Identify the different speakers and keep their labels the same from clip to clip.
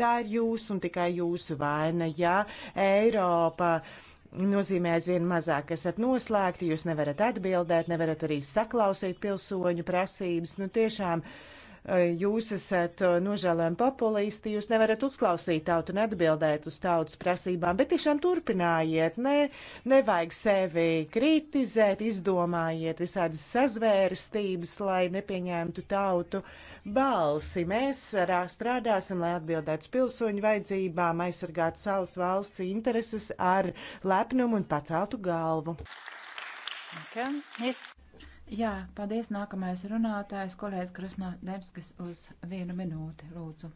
Speaker 1: Tā ir jūsu un tikai jūsu vaina, ja Eiropa nozīmē aizvien mazāk esat noslēgti, jūs nevarat atbildēt, nevarat arī saklausīt pilsoņu prasības. Nu, tiešām, uh, jūs esat eh, nožēlēm populisti, jūs nevarat uzklausīt tautu un atbildēt uz tautas prasībām, bet tiešām turpinājiet, ne, nevajag sevi kritizēt, izdomājiet visādas sazvērstības, lai nepieņemtu tautu balsi. Mēs strādāsim, lai atbildētu pilsoņu vajadzībām, aizsargātu savus valsts intereses ar lepnumu un paceltu galvu.
Speaker 2: Okay. Yes. Jā, paldies. Nākamais runātājs, kolēģis Krasnodemskis, uz vienu minūti, lūdzu.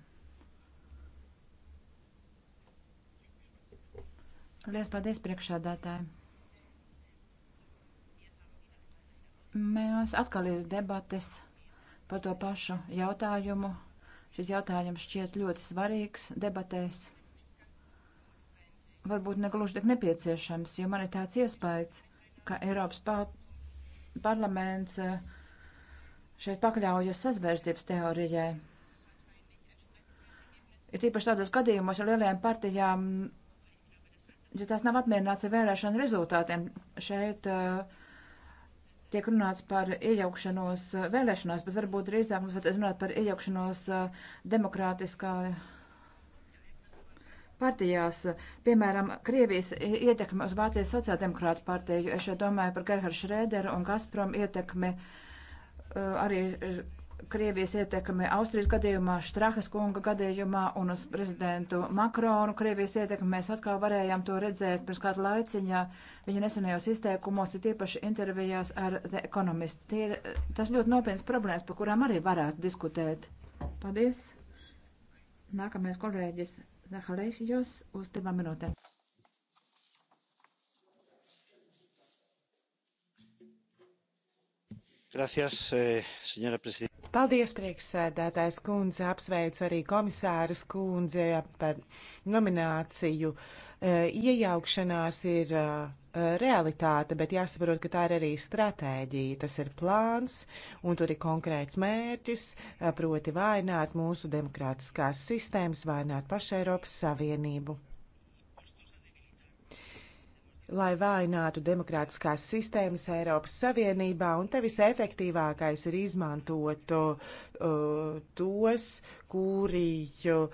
Speaker 2: Liels paldies priekšādātājiem. Mēs atkal ir debates par to pašu jautājumu. Šis jautājums šķiet ļoti svarīgs debatēs. Varbūt negluži tik nepieciešams, jo man ir tāds iespējas, ka Eiropas pār parlaments eh, šeit pakļaujas sazvērstības teorijai. Ir tīpaši tādos gadījumos ar lielajām partijām, ja tās nav apmierināts ar vēlēšanu rezultātiem, šeit uh, tiek runāts par iejaukšanos eh, vēlēšanās, bet varbūt drīzāk mums vajadzētu runāt par iejaukšanos demokrātiskā partijās, piemēram, Krievijas ietekme uz Vācijas sociāldemokrātu partiju, es šeit domāju par Gerhardu Šrēderu un Gazprom ietekmi, arī Krievijas ietekmi Austrijas gadījumā, Štrahas kunga gadījumā un uz prezidentu Makronu Krievijas ietekmi. Mēs atkal varējām to redzēt pirms kādu laiciņā viņa nesenajos izteikumos, ir tiepaši intervijās ar The Economist. Tie ir tas ļoti nopietnas problēmas, par kurām arī varētu diskutēt. Paldies! Nākamais kolēģis Zahalaisijos uz divām minūtēm.
Speaker 3: Gracias,
Speaker 1: eh, señora presidenta. Paldies, priekšsēdētājs kundze. Apsveicu arī komisāras kundze par nomināciju. Uh, Eh, iejaukšanās ir eh, realitāte, bet jāsaprot, ka tā ir arī stratēģija. Tas ir plāns, un tur ir konkrēts mērķis, eh, proti vainot mūsu demokrātiskās sistēmas, vainot pašu Eiropas Savienību. Lai vājinātu demokrātiskās sistēmas Eiropas Savienībā, un te visefektīvākais ir izmantot uh, tos, kuri uh,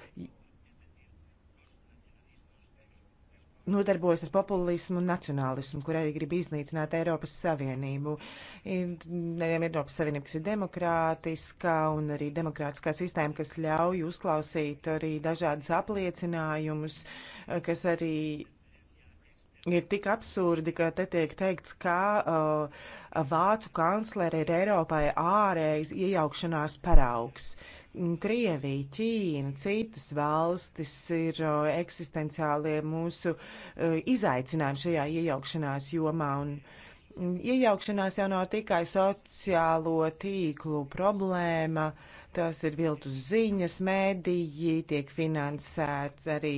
Speaker 1: nodarbojas ar populismu un nacionālismu, kur arī grib iznīcināt Eiropas Savienību. Nevienam Eiropas Savienība, kas ir demokrātiska un arī demokrātiskā sistēma, kas ļauj uzklausīt arī dažādas apliecinājumus, kas arī ir tik absurdi, ka te tiek teikts, ka uh, vācu kanclere ir Eiropai ārējas iejaukšanās paraugs. Uh, Krievija, Ķīna, citas valstis ir eksistenciālie mūsu e, izaicinājumi šajā iejaukšanās jomā. Un mm, iejaukšanās jau nav tikai sociālo tīklu problēma, tas ir viltus ziņas, mēdīji, tiek finansēts arī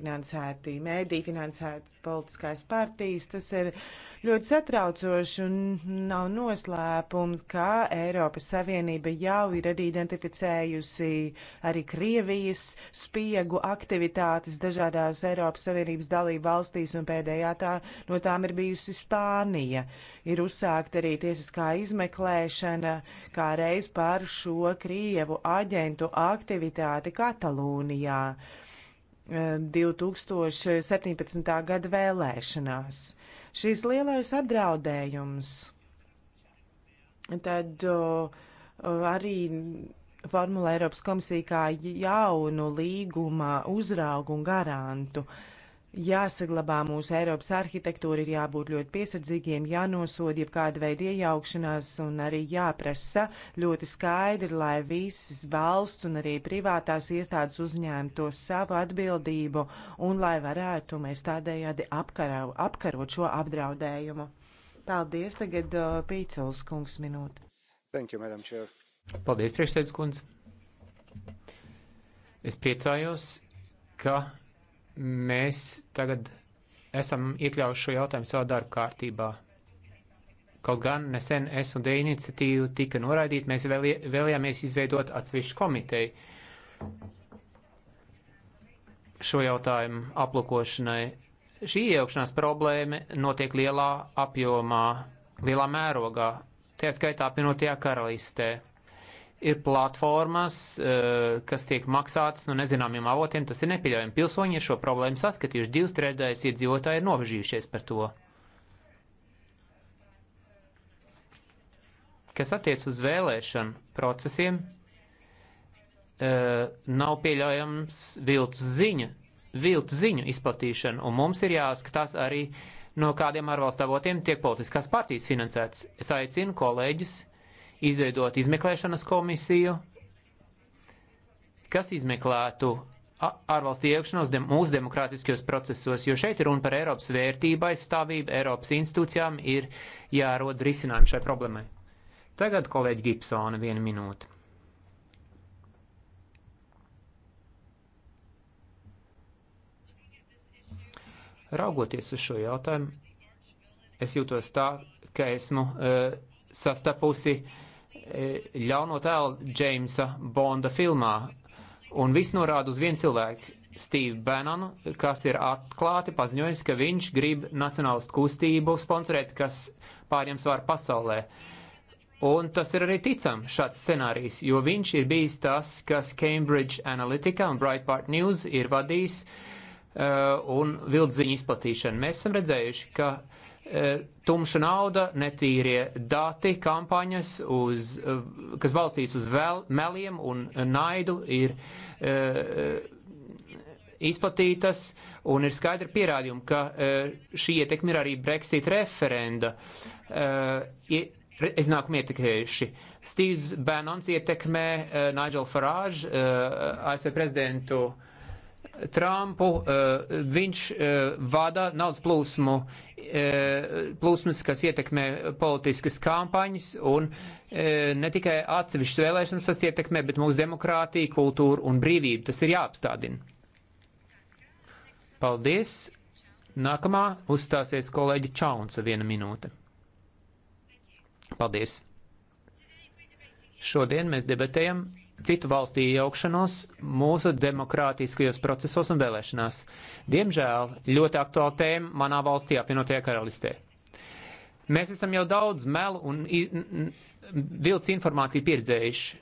Speaker 1: finansēti mēdī, finansēti politiskās partijas, tas ir uh, Ļoti satraucoši un nav noslēpums, ka Eiropas Savienība jau ir arī identificējusi arī Krievijas spiegu aktivitātes dažādās Eiropas Savienības dalību valstīs un pēdējā tā no tām ir bijusi Spānija. Ir uzsākta arī tiesiskā izmeklēšana kā reiz par šo Krievu aģentu aktivitāti Katalūnijā. 2017. Eh, gada vēlēšanās šīs lielais apdraudējums. Tad uh, arī formulē Eiropas komisija kā jaunu līguma uzraugu un garantu. Uh, Jāsaglabā mūsu Eiropas arhitektūra, ir jābūt ļoti piesardzīgiem, jānosod jebkāda veida iejaukšanās un arī jāprasa ļoti skaidri, lai visas valsts un arī privātās iestādes uzņēmto savu atbildību un lai varētu mēs tādējādi apkaro, apkarot šo apdraudējumu. Paldies, tagad uh, Pīcels kungs minūte.
Speaker 3: Thank you, Madam Chair. Paldies, priekšsēdz kundze. Es priecājos, ka Mēs tagad esam iekļaujuši šo jautājumu savā darba kārtībā. Kaut gan nesen S un D iniciatīva tika noraidīta, mēs vēlie, vēlējāmies izveidot atsevišķu komiteju šo jautājumu aplūkošanai. Šī iejaukšanās problēma notiek lielā apjomā, lielā mērogā, tie skaitā apvienotajā karalistē ir platformas, eh, kas tiek maksātas no nu, nezināmiem avotiem, tas ir nepieļaujami. Pilsoņi ir šo problēmu saskatījuši, divas trešdaļas iedzīvotāji ir nobežījušies par to. Kas attiec uz vēlēšanu procesiem, eh, nav pieļaujams viltus ziņa, viltus ziņu izplatīšana, un mums ir jāskatās arī, no kādiem ārvalstu avotiem tiek politiskās partijas finansētas. Es aicinu kolēģus izveidot izmeklēšanas komisiju, kas izmeklētu ārvalstu iekšanos dem mūsu demokrātiskajos procesos, jo šeit ir runa par Eiropas vērtību aizstāvību, Eiropas institūcijām ir jārod risinājumi šai problēmai. Tagad kolēģi Gibsona viena minūte. Raugoties uz šo jautājumu, es jūtos tā, ka esmu uh, sastapusi uh, E, ļauno tēlu Džeimsa Bonda filmā. Un viss norāda uz vienu cilvēku, Steve Bannonu, kas ir atklāti paziņojis, ka viņš grib nacionālistu kustību sponsorēt, kas pārņems varu pasaulē. Un tas ir arī ticam šāds scenārijs, jo viņš ir bijis tas, kas Cambridge Analytica un Breitbart News ir vadījis uh, un vildziņu izplatīšanu. Mēs esam redzējuši, ka uh, E, tumša nauda, netīrie dati, kampaņas, uz, e, kas balstīts uz vēl, meliem un naidu, ir e, izplatītas un ir skaidri pierādījumi, ka šī ietekme ir arī Brexit referenda iznākumi ietekmējuši. Steve's Bannons ietekmē Nigel Farage, ASV prezidentu uh, Trumpu, eh, viņš eh, vada naudas plūsmu, eh, plūsmas, kas ietekmē politiskas kampaņas un ne tikai atsevišķas vēlēšanas tas ietekmē, bet mūsu demokrātiju, kultūru un brīvību. Tas ir jāapstādina. Paldies! Nākamā uzstāsies kolēģi Čaunca viena minūte. Paldies! Šodien mēs debatējam citu valstu iejaukšanos mūsu demokrātiskajos procesos un vēlēšanās. Diemžēl ļoti aktuāla tēma manā valstī, apvienotajā karalistē. Mēs esam jau daudz melu un vilc informāciju pieredzējuši.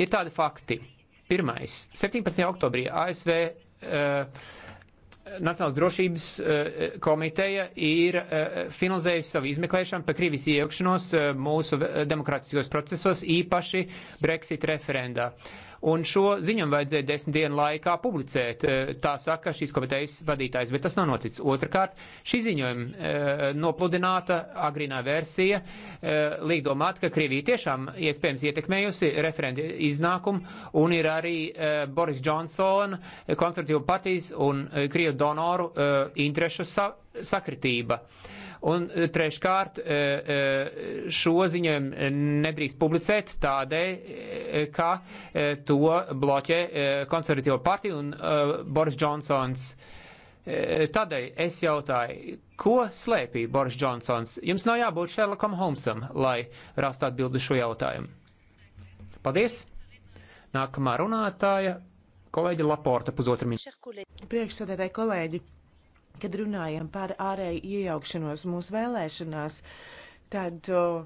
Speaker 3: Ir tādi fakti. Pirmais, 17. oktobrī ASV uh, eh, Nacionālās drošības eh, komiteja ir eh, finalizējusi savu izmeklēšanu par Krievijas iejaukšanos eh, mūsu demokrātiskos procesos, īpaši Brexit referendā. Uh, un šo ziņam vajadzēja desmit dienu laikā publicēt. Eh, tā saka šīs komitejas vadītājs, bet tas nav noticis. Otrakārt, šī ziņojuma eh, nopludināta agrīnā versija eh, liek domāt, ka Krievija tiešām iespējams ietekmējusi referendi iznākumu, un ir arī Boris Johnson, konservatīvu partijas un Krievu donoru interešu sakritība. Uh, Un eh, treškārt, eh, eh, šo ziņojumu nedrīkst publicēt tādēļ, ka to bloķē konservatīva partija un Boris Johnsons. Tādēļ es jautāju, ko slēpj Boris Johnsons? Jums nav jābūt Sherlockam Holmesam, lai rastu atbildi šo jautājumu. Paldies! Nākamā runātāja - kolēģi Laporta, pusotra minūte.
Speaker 1: Priekšsēdētāji kolēģi! kad runājam par ārēju iejaukšanos mūsu vēlēšanās, tad uh,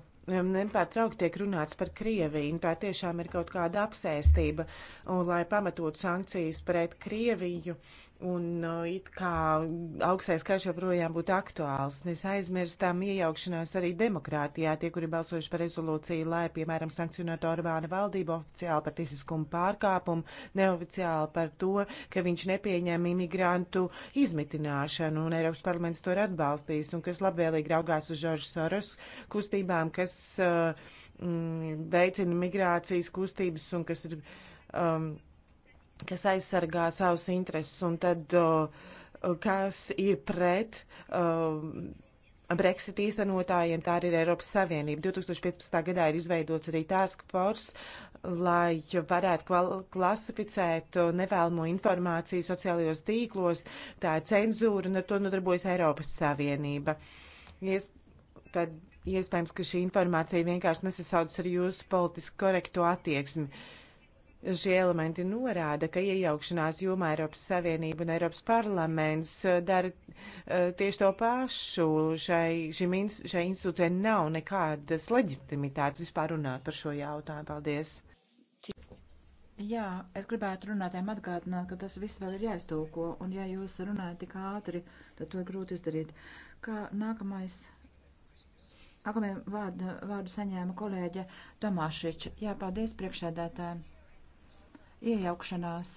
Speaker 1: nepārtraukti tiek runāts par Krieviju, un tā tiešām ir kaut kāda apsēstība, un lai pamatotu sankcijas pret Krieviju, Un uh, it kā augstais karš joprojām būtu aktuāls, mēs aizmirstām iejaukšanās arī demokrātijā. Tie, kuri balsojuši par rezolūciju, lai, piemēram, sankcionētu Orbāna valdību oficiāli par tiesiskumu pārkāpumu, neoficiāli par to, ka viņš nepieņem imigrantu izmitināšanu, un Eiropas parlaments to ir atbalstījis, un kas labvēlīgi raugās uz Žoržu Soros kustībām, kas uh, mm, veicina migrācijas kustības un kas ir. Um, kas aizsargā savus intereses, un tad uh, kas ir pret uh, Brexit īstenotājiem, tā arī ir Eiropas Savienība. 2015. gadā ir izveidots arī task force, lai varētu klasificēt nevēlamo informāciju sociālajos tīklos, tā ir cenzūra, un ar to nodarbojas Eiropas Savienība. Ies, tad iespējams, ka šī informācija vienkārši nesasaucas ar jūsu politiski korekto attieksmi. Uh, Šie elementi norāda, ka iejaukšanās jomā Eiropas Savienība un Eiropas parlaments eh, dara eh, tieši to pašu. Šai, šim, šai institūcijai nav nekādas leģitimitātes vispār runāt par šo jautājumu. Paldies!
Speaker 2: Jā, es gribētu runātājiem atgādināt, ka tas viss vēl ir jāiztūko, un ja jūs runājat tik ātri, tad to ir grūti izdarīt. Kā nākamais Nākamajam vārdu, vārdu saņēma kolēģe Tomāšiča. Jā, paldies priekšsēdētājiem. Iejaukšanās.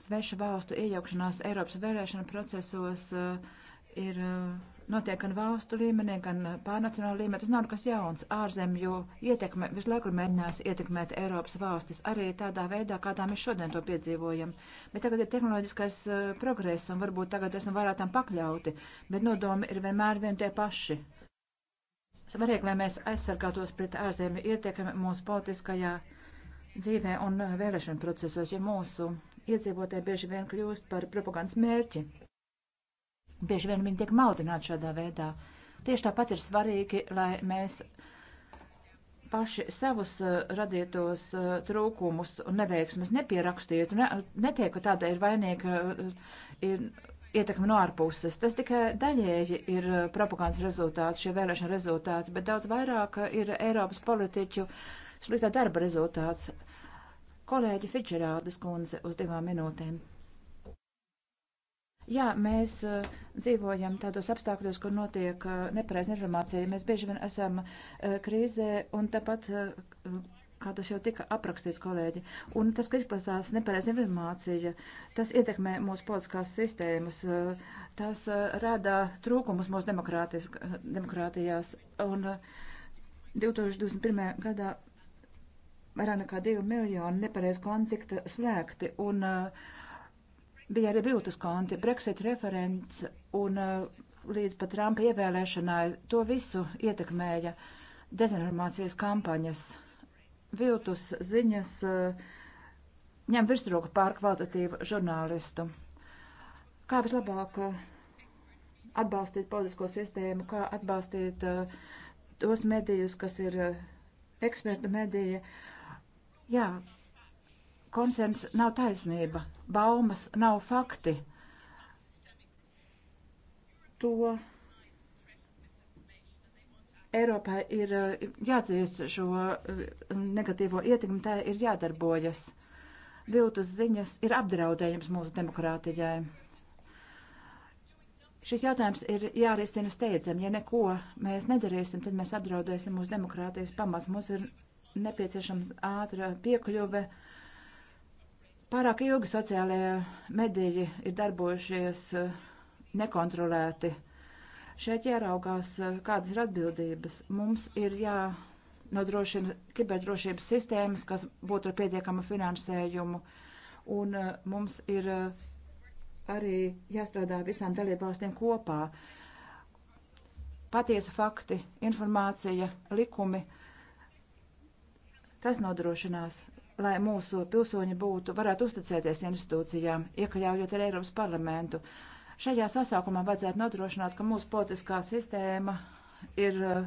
Speaker 2: Sveša valstu iejaukšanās Eiropas vērēšana procesos eh, ir eh, notiek gan valstu līmenī, gan eh, pārnacionāla līmenī. Tas nav nekas jauns. Ārzemju ietekme visu laiku mēģinās ietekmēt Eiropas valstis, arī tādā veidā, kādā mēs šodien to piedzīvojam. Bet tagad ir tehnoloģiskais progress, un varbūt tagad esam vairāk tam pakļauti, bet nodomi ir vienmēr vien tie paši. Svarīgi, lai mēs aizsargātos pret ārzemju ietekmi mūsu politiskajā dzīvē un uh, vēlēšanu procesos, ja mūsu iedzīvotāji bieži vien kļūst par propagandas mērķi. Bieži vien viņi tiek maldināti šādā veidā. Tieši tāpat ir svarīgi, lai mēs paši savus uh, radītos uh, trūkumus un neveiksmes nepierakstītu. Ne, netiek, ka tāda ir vainīga ir ietekme no ārpuses. Tas tikai daļēji ir propagandas rezultāts, šie vēlēšana rezultāti, bet daudz vairāk ir Eiropas politiķu sliktā darba rezultāts. Kolēģi Fidžerādas kundze uz divām minūtēm. Jā, mēs uh, dzīvojam tādos apstākļos, kur notiek uh, nepareiza informācija. Mēs bieži vien esam uh, krīzē un tāpat, kā tas jau tika aprakstīts, kolēģi. Un tas, ka izplatās nepareiza informācija, tas ietekmē mūsu politiskās sistēmas, tas rada trūkumus mūsu demokrātijās. Un 2021. gadā vairāk nekā 2 miljoni nepareiz kontakta slēgti un uh, bija arī viltus konti, Brexit referents un uh, līdz pat Trumpa ievēlēšanai to visu ietekmēja dezinformācijas kampaņas. Viltus ziņas uh, ņem virsroku pār kvalitatīvu žurnālistu. Kā vislabāk uh, atbalstīt politisko sistēmu, kā atbalstīt uh, tos medijus, kas ir uh, eksperta medija. Uh, Jā, konsens nav taisnība, baumas nav fakti. To Eiropai ir eh, jāatdzīst šo eh, negatīvo ietekmi, tā ir jādarbojas. Viltus ziņas ir apdraudējums mūsu demokrātijai. Šis jautājums ir jārisina steidzam. Ja neko mēs nedarīsim, tad mēs apdraudēsim mūsu demokrātijas pamats. Mums ir nepieciešams ātra piekļuve. Pārāk ilgi sociālajie mediji ir darbojušies eh, nekontrolēti. Šeit jāraugās, eh, kādas ir atbildības. Mums ir jānodrošina kiberdrošības sistēmas, kas būtu ar pietiekamu finansējumu, un eh, mums ir arī jāstrādā visām dalībvalstīm kopā. Patiesa fakti, informācija, likumi Tas nodrošinās, lai mūsu pilsoņi būtu, varētu uzticēties institūcijām, iekļaujot arī Eiropas parlamentu. Šajā sasaukumā vajadzētu nodrošināt, ka mūsu politiskā sistēma ir eh,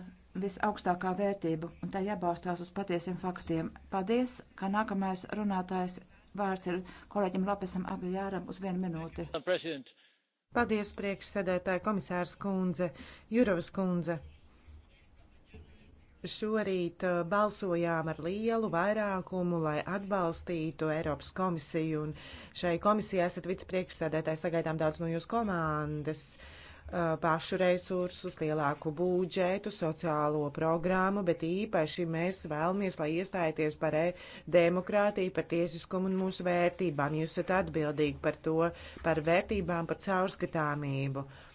Speaker 2: visaugstākā vērtība un tā jābalstās uz patiesiem faktiem. Paldies, ka nākamais runātājs vārds ir kolēģim Lopesam Abiljāram uz vienu minūti. Paldies, priekšsēdētāja komisārs kundze, Jurovas kundze.
Speaker 1: Šorīt uh, balsojām ar lielu vairākumu, lai atbalstītu Eiropas komisiju, un šai komisijai esat vicepriekšsēdētāji, sagaidām daudz no jūsu komandas uh, pašu resursus, lielāku būdžetu, sociālo programmu, bet īpaši mēs vēlamies, lai iestājieties par e demokrātiju, par tiesiskumu un mūsu vērtībām. Jūs esat atbildīgi par to, par vērtībām, par caurskatāmību. Uh,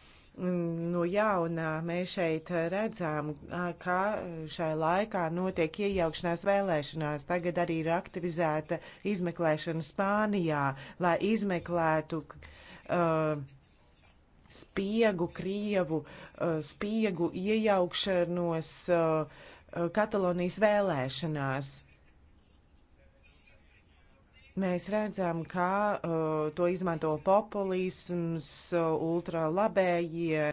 Speaker 1: no jaunā mēs šeit redzām, kā šai laikā notiek iejaukšanās vēlēšanās. Tagad arī ir aktivizēta izmeklēšana Spānijā, lai izmeklētu uh, spiegu, Krievu uh, spiegu iejaukšanos uh, Katalonijas vēlēšanās. Mēs redzam, kā uh, to izmanto populisms, uh, ultralabējie.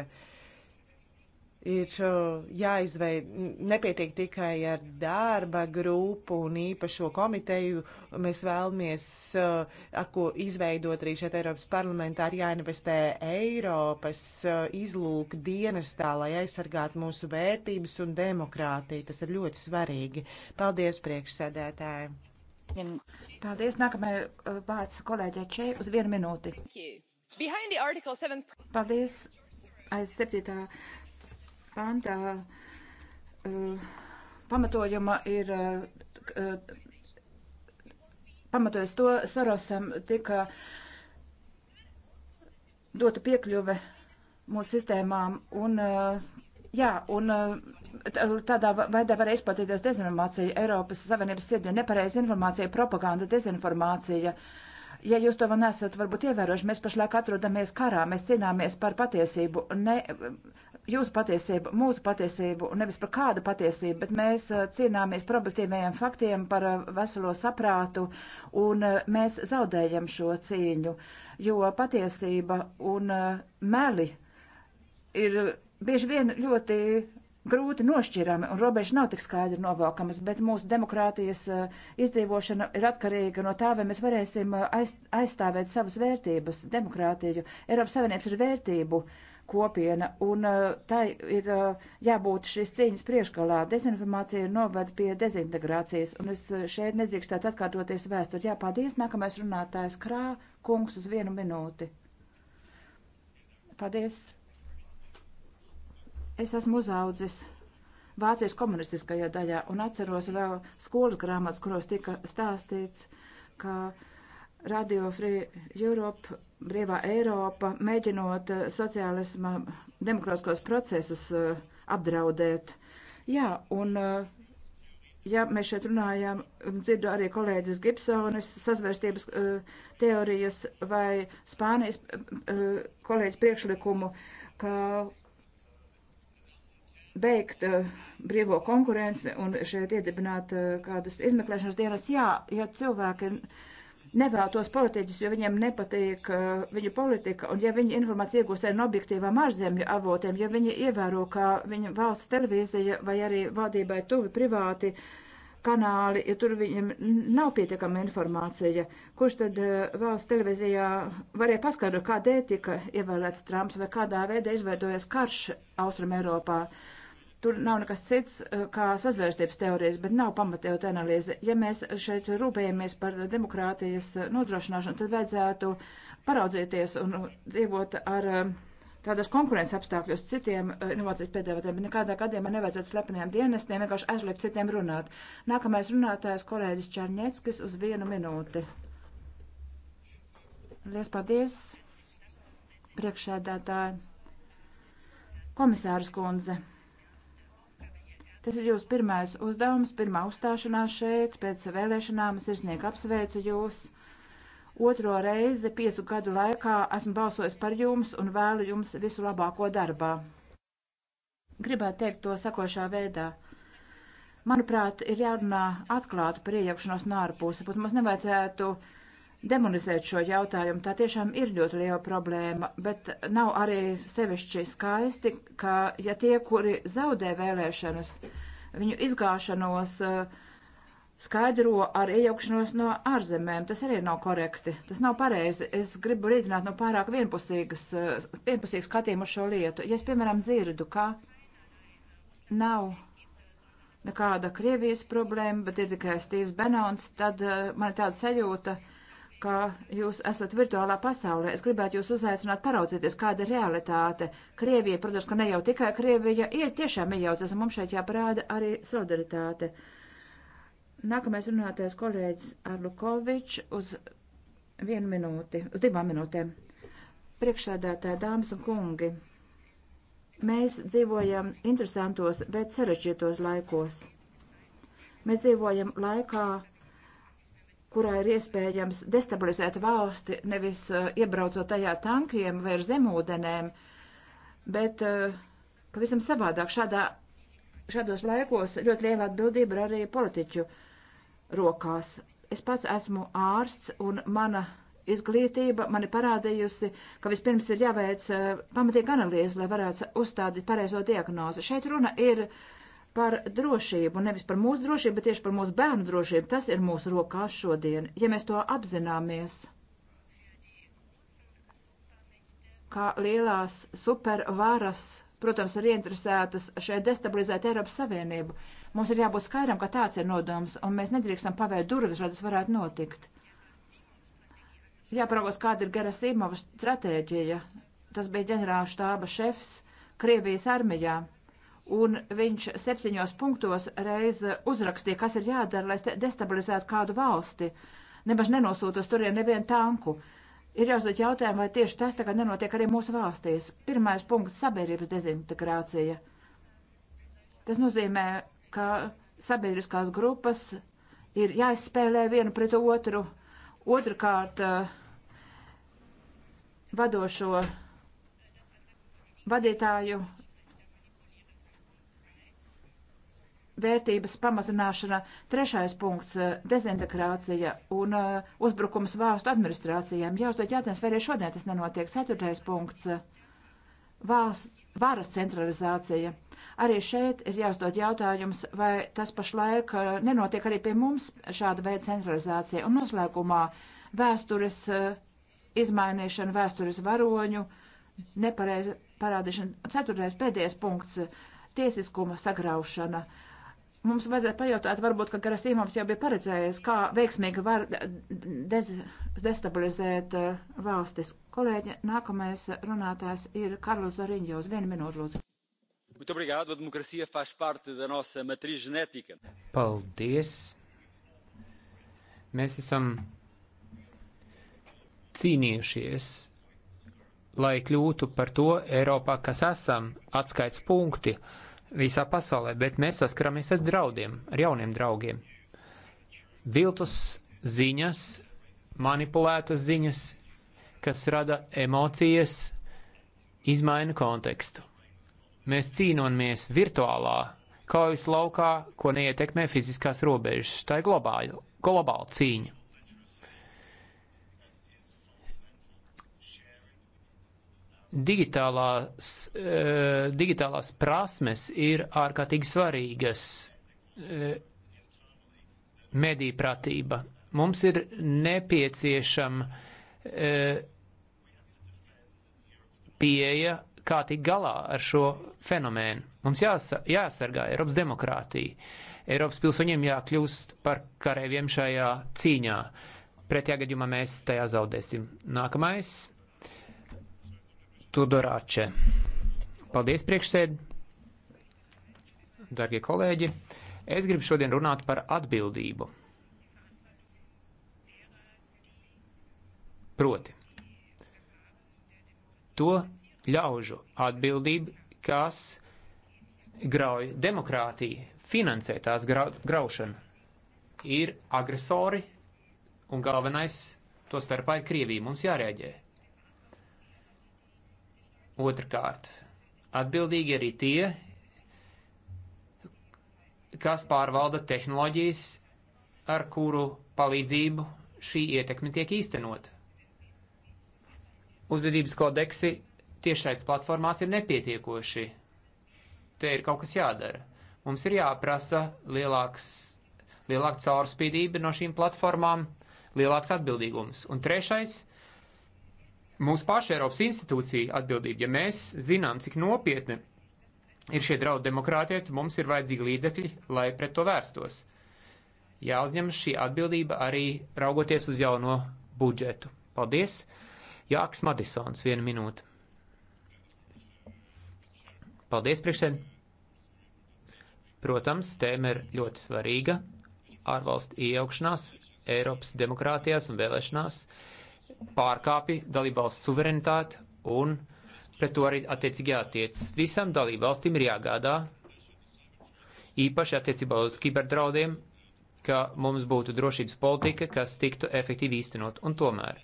Speaker 1: Ir uh, jāizveid, nepietiek tikai ar darba grupu un īpašo komiteju. Mēs vēlamies, uh, ko izveidot arī šeit Eiropas parlamentā, ir jāinvestē Eiropas uh, izlūk dienestā, lai aizsargātu mūsu vērtības un demokrātiju. Tas ir
Speaker 2: ļoti svarīgi. Paldies priekšsēdētāji! Paldies. Nākamajai uh, vārds kolēģei Čei uz vienu minūti. Paldies. Aiz septītā pantā uh, pamatojuma ir. Uh, uh, pamatojas to, Sorosam tika dota piekļuve mūsu sistēmām un uh, Jā, un eh, tādā veidā var izplatīties dezinformācija Eiropas Savienības sirdī, nepareiza informācija, propaganda, dezinformācija. Ja jūs to vēl nesat varbūt ievērojuši, mēs pašlaik atrodamies karā, mēs cīnāmies par patiesību, ne jūsu patiesību, mūsu patiesību, nevis par kādu patiesību, bet mēs eh, cīnāmies par objektīvajiem faktiem, par eh, veselo saprātu, un mēs zaudējam šo cīņu, jo patiesība un meli ir bieži vien ļoti grūti nošķirami, un robežas nav tik skaidri novelkamas, bet mūsu demokrātijas eh, izdzīvošana ir atkarīga no tā, vai mēs varēsim eh, aiz, aizstāvēt savas vērtības, demokrātiju. Eiropas Savienības ir vērtību kopiena, un eh, tā ir jābūt šīs cīņas priekšgalā. Dezinformācija noved pie dezintegrācijas, un es šeit nedrīkstētu atkārtoties vēsturi. Jā, paldies, nākamais runātājs Krā, kungs uz vienu minūti. Paldies! Es esmu uzaudzis Vācijas komunistiskajā daļā un atceros vēl skolas grāmatas, kuros tika stāstīts, ka Radio Free Europe, Brīvā Eiropa, mēģinot eh, sociālisma demokrātiskos procesus eh, apdraudēt. Jā, un eh, ja mēs šeit runājam, dzirdu arī kolēģis Gibsonis, sazvērstības uh, teorijas vai Spānijas uh, kolēģis priekšlikumu, ka beigt uh, brīvo konkurenci un šeit iedibināt uh, kādas izmeklēšanas dienas. Jā, ja cilvēki nevēlētos politiķus, jo viņiem nepatīk uh, viņu politika, un ja viņi informāciju iegūst ar objektīvām ārzemju avotiem, ja viņi ievēro, ka viņa valsts televīzija vai arī valdībai tuvi privāti kanāli, ja tur viņiem nav pietiekama informācija, kurš tad uh, valsts televīzijā varēja paskaidrot, kādēļ tika ievēlēts Trumps vai kādā veidā izveidojas karš Austrum Eiropā. Uh, Tur nav nekas cits eh, kā sazvērstības teorijas, bet nav pamatējot analīze. Ja mēs šeit rūpējamies par demokrātijas eh, nodrošināšanu, tad vajadzētu paraudzīties un uh, dzīvot ar eh, tādos konkurences apstākļos citiem inovācijas piedāvātājiem, bet nekādā gadījumā nevajadzētu slepeniem dienestiem vienkārši aizliegt citiem runāt. Nākamais runātājs kolēģis Čarņeckis uz vienu minūti. Lies paldies, priekšsēdētāji. Komisārs kundze. Tas ir jūsu pirmais uzdevums, pirmā uzstāšanās šeit, pēc vēlēšanām es iesnieku apsveicu jūs. Otro reizi piecu gadu laikā esmu balsojis par jums un vēlu jums visu labāko darbā. Gribētu teikt to sakošā veidā. Manuprāt, ir jārunā atklāti par iejaukšanos no ārpuses, bet mums nevajadzētu uh, demonizēt šo jautājumu. Tā tiešām ir ļoti liela problēma, bet nav arī sevišķi skaisti, ka ja tie, kuri zaudē vēlēšanas, viņu izgāšanos eh, skaidro ar iejaukšanos no ārzemēm. Tas arī nav korekti. Tas nav pareizi. Es gribu rīdināt no pārāk vienpusīgas, eh, vienpusīgas skatījuma uz šo lietu. Ja es, piemēram, dzirdu, ka nav nekāda Krievijas problēma, bet ir tikai Stīvs Benons, tad eh, man ir tāda sajūta, ka ka jūs esat virtuālā pasaulē. Es gribētu jūs uzaicināt paraudzīties, kāda ir realitāte. Krievija, protams, ka ne jau tikai Krievija, ir tiešām iejaucas, un mums šeit jāparāda arī solidaritāte. Nākamais runātais kolēģis Arlukovičs uz vienu minūti, uz divām minūtēm. Priekšsēdētāji, dāmas un kungi, mēs dzīvojam interesantos, bet sarežģītos laikos. Mēs dzīvojam laikā, kurā ir iespējams destabilizēt valsti, nevis uh, iebraucot tajā tankiem vai ar zemūdenēm, bet uh, pavisam savādāk šādā, šādos laikos ļoti liela atbildība ir arī politiķu rokās. Es pats esmu ārsts un mana izglītība man ir parādījusi, ka vispirms ir jāveic uh, pamatīga analīze, lai varētu uzstādīt pareizo diagnozi. Šeit runa ir uh, par drošību, nevis par mūsu drošību, bet tieši par mūsu bērnu drošību. Tas ir mūsu rokās šodien. Ja mēs to apzināmies, kā lielās supervaras, protams, ir interesētas šeit destabilizēt Eiropas Savienību, mums ir jābūt skaidram, ka tāds ir nodoms, un mēs nedrīkstam pavērt durvis, lai tas varētu notikt. Jāparagos, kāda ir Gerasimovas stratēģija. Tas bija ģenerāla štāba šefs Krievijas armijā un viņš septiņos punktos reiz uzrakstīja, kas ir jādara, lai destabilizētu kādu valsti. Nemaz nenosūta uz turien nevienu tanku. Ir jāuzdod jautājumu, vai tieši tas tagad nenotiek arī mūsu valstīs. Pirmais punkts - sabiedrības dezintegrācija. Tas nozīmē, ka sabiedriskās grupas ir jāizspēlē vienu pret otru. Otrakārt, vadošo vadītāju vērtības pamazināšana, trešais punkts eh, - dezintegrācija un uh, uzbrukums valstu administrācijām. Jāuzdod jautājums, vai arī šodien tas nenotiek. Ceturtais punkts eh, - valsts varas centralizācija. Arī šeit ir jāuzdod jautājums, vai tas pašlaik uh, nenotiek arī pie mums šāda veida centralizācija. Un noslēgumā vēstures uh, izmainīšana, vēstures varoņu, nepareiza parādīšana. Ceturtais pēdējais punkts - tiesiskuma sagraušana. Uh, Mums vajadzētu pajautāt, varbūt, ka Garasīmovs jau bija paredzējis, kā veiksmīgi var dez, destabilizēt eh, valstis. Kolēģi, nākamais runātājs ir Karlos Zariņģos. Vienu minūtu, lūdzu.
Speaker 3: Muito obrigado. A democracia faz parte da nossa matriz genética. Paldies. Mēs esam cīnījušies, lai kļūtu par to Eiropā, kas esam, atskaits punkti. Uh, visā pasaulē, bet mēs saskaramies ar draudiem, ar jauniem draugiem. Viltus ziņas, manipulētas ziņas, kas rada emocijas, izmaina kontekstu. Mēs cīnāmies virtuālā kaujas laukā, ko neietekmē fiziskās robežas. Tā ir globāla, globāla cīņa. digitālās, uh, digitālās prasmes ir ārkārtīgi svarīgas. Uh, eh, Medīprātība. Mums ir nepieciešama uh, eh, pieeja, kā tikt galā ar šo fenomēnu. Mums jāsa, jāsargā Eiropas demokrātija. Eiropas pilsoņiem jākļūst par karēviem šajā cīņā. Pretējā gadījumā mēs tajā zaudēsim. Nākamais Tudorāče. Paldies, priekšsēd! Dargie kolēģi, es gribu šodien runāt par atbildību. Proti, to ļaužu atbildību, kas grauj demokrātiju, finansē tās grau, graušanu, ir agresori un galvenais to starpā ir Krievija. Mums jārēģē. Otrkārt, atbildīgi arī tie, kas pārvalda tehnoloģijas, ar kuru palīdzību šī ietekme tiek īstenot. Uzvedības kodeksi tiešsaits platformās ir nepietiekoši. Te ir kaut kas jādara. Mums ir jāprasa lielāks, lielāka caurspīdība no šīm platformām, lielāks atbildīgums. Un trešais - mūsu paša Eiropas institūcija atbildība. Ja mēs zinām, cik nopietni ir šie draudi demokrātijai, tad mums ir vajadzīgi līdzekļi, lai pret to vērstos. Jāuzņem šī atbildība arī raugoties uz jauno budžetu. Paldies! Jāks Madisons, viena minūte. Paldies, priekšsēd! Protams, tēma ir ļoti svarīga. Ārvalstu iejaukšanās Eiropas demokrātijās un vēlēšanās uh, pārkāpi dalībvalsts suverenitāti un pret to arī attiecīgi jātiec. Visām dalībvalstīm ir jāgādā, īpaši attiecībā uz kiberdraudiem, ka mums būtu drošības politika, kas tiktu efektīvi īstenot. Un tomēr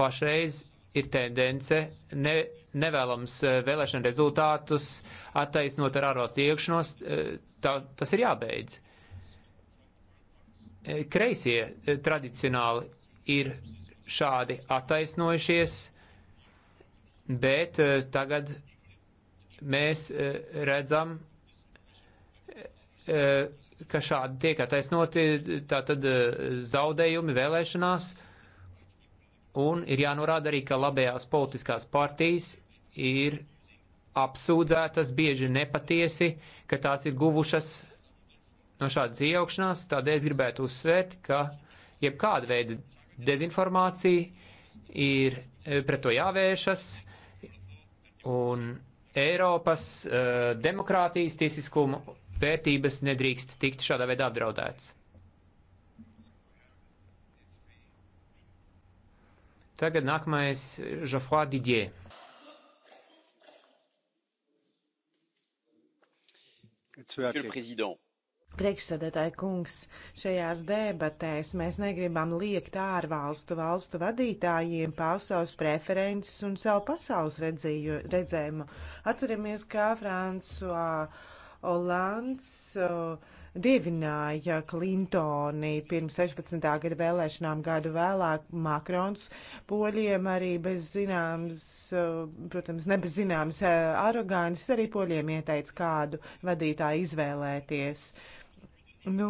Speaker 3: pašreiz ir tendence ne, nevēlams eh, vēlēšana rezultātus attaisnot ar ārvalstu iekšanos, eh, tā, tas ir jābeidz. Eh, kreisie tradicionāli ir šādi attaisnojušies, bet eh, tagad mēs eh, redzam, eh, ka šādi tiek attaisnoti tātad zaudējumi vēlēšanās, un ir jānorāda arī, ka labējās politiskās partijas ir apsūdzētas bieži nepatiesi, ka tās ir guvušas no šādas iejaukšanās, tādēļ es gribētu uzsvērt, ka jebkāda veida dezinformācija, ir e, pret to jāvēršas, un Eiropas uh, demokrātijas tiesiskuma vērtības nedrīkst tikt šādā veidā apdraudēts. Tagad nākamais e, Geoffroy Didier.
Speaker 4: Monsieur le Président,
Speaker 1: Priekšsēdētāji kungs, šajās debatēs mēs negribam liekt ārvalstu valstu vadītājiem pasaules preferences un savu pasaules redzīju, redzējumu. Atceramies, kā Fransua Olands dievināja Klintoni pirms 16. gada vēlēšanām gadu vēlāk Makrons poļiem arī bez zināmas, protams, ne bez zināmas e, arogānis arī poļiem ieteica kādu vadītāju izvēlēties. Uh, Nu,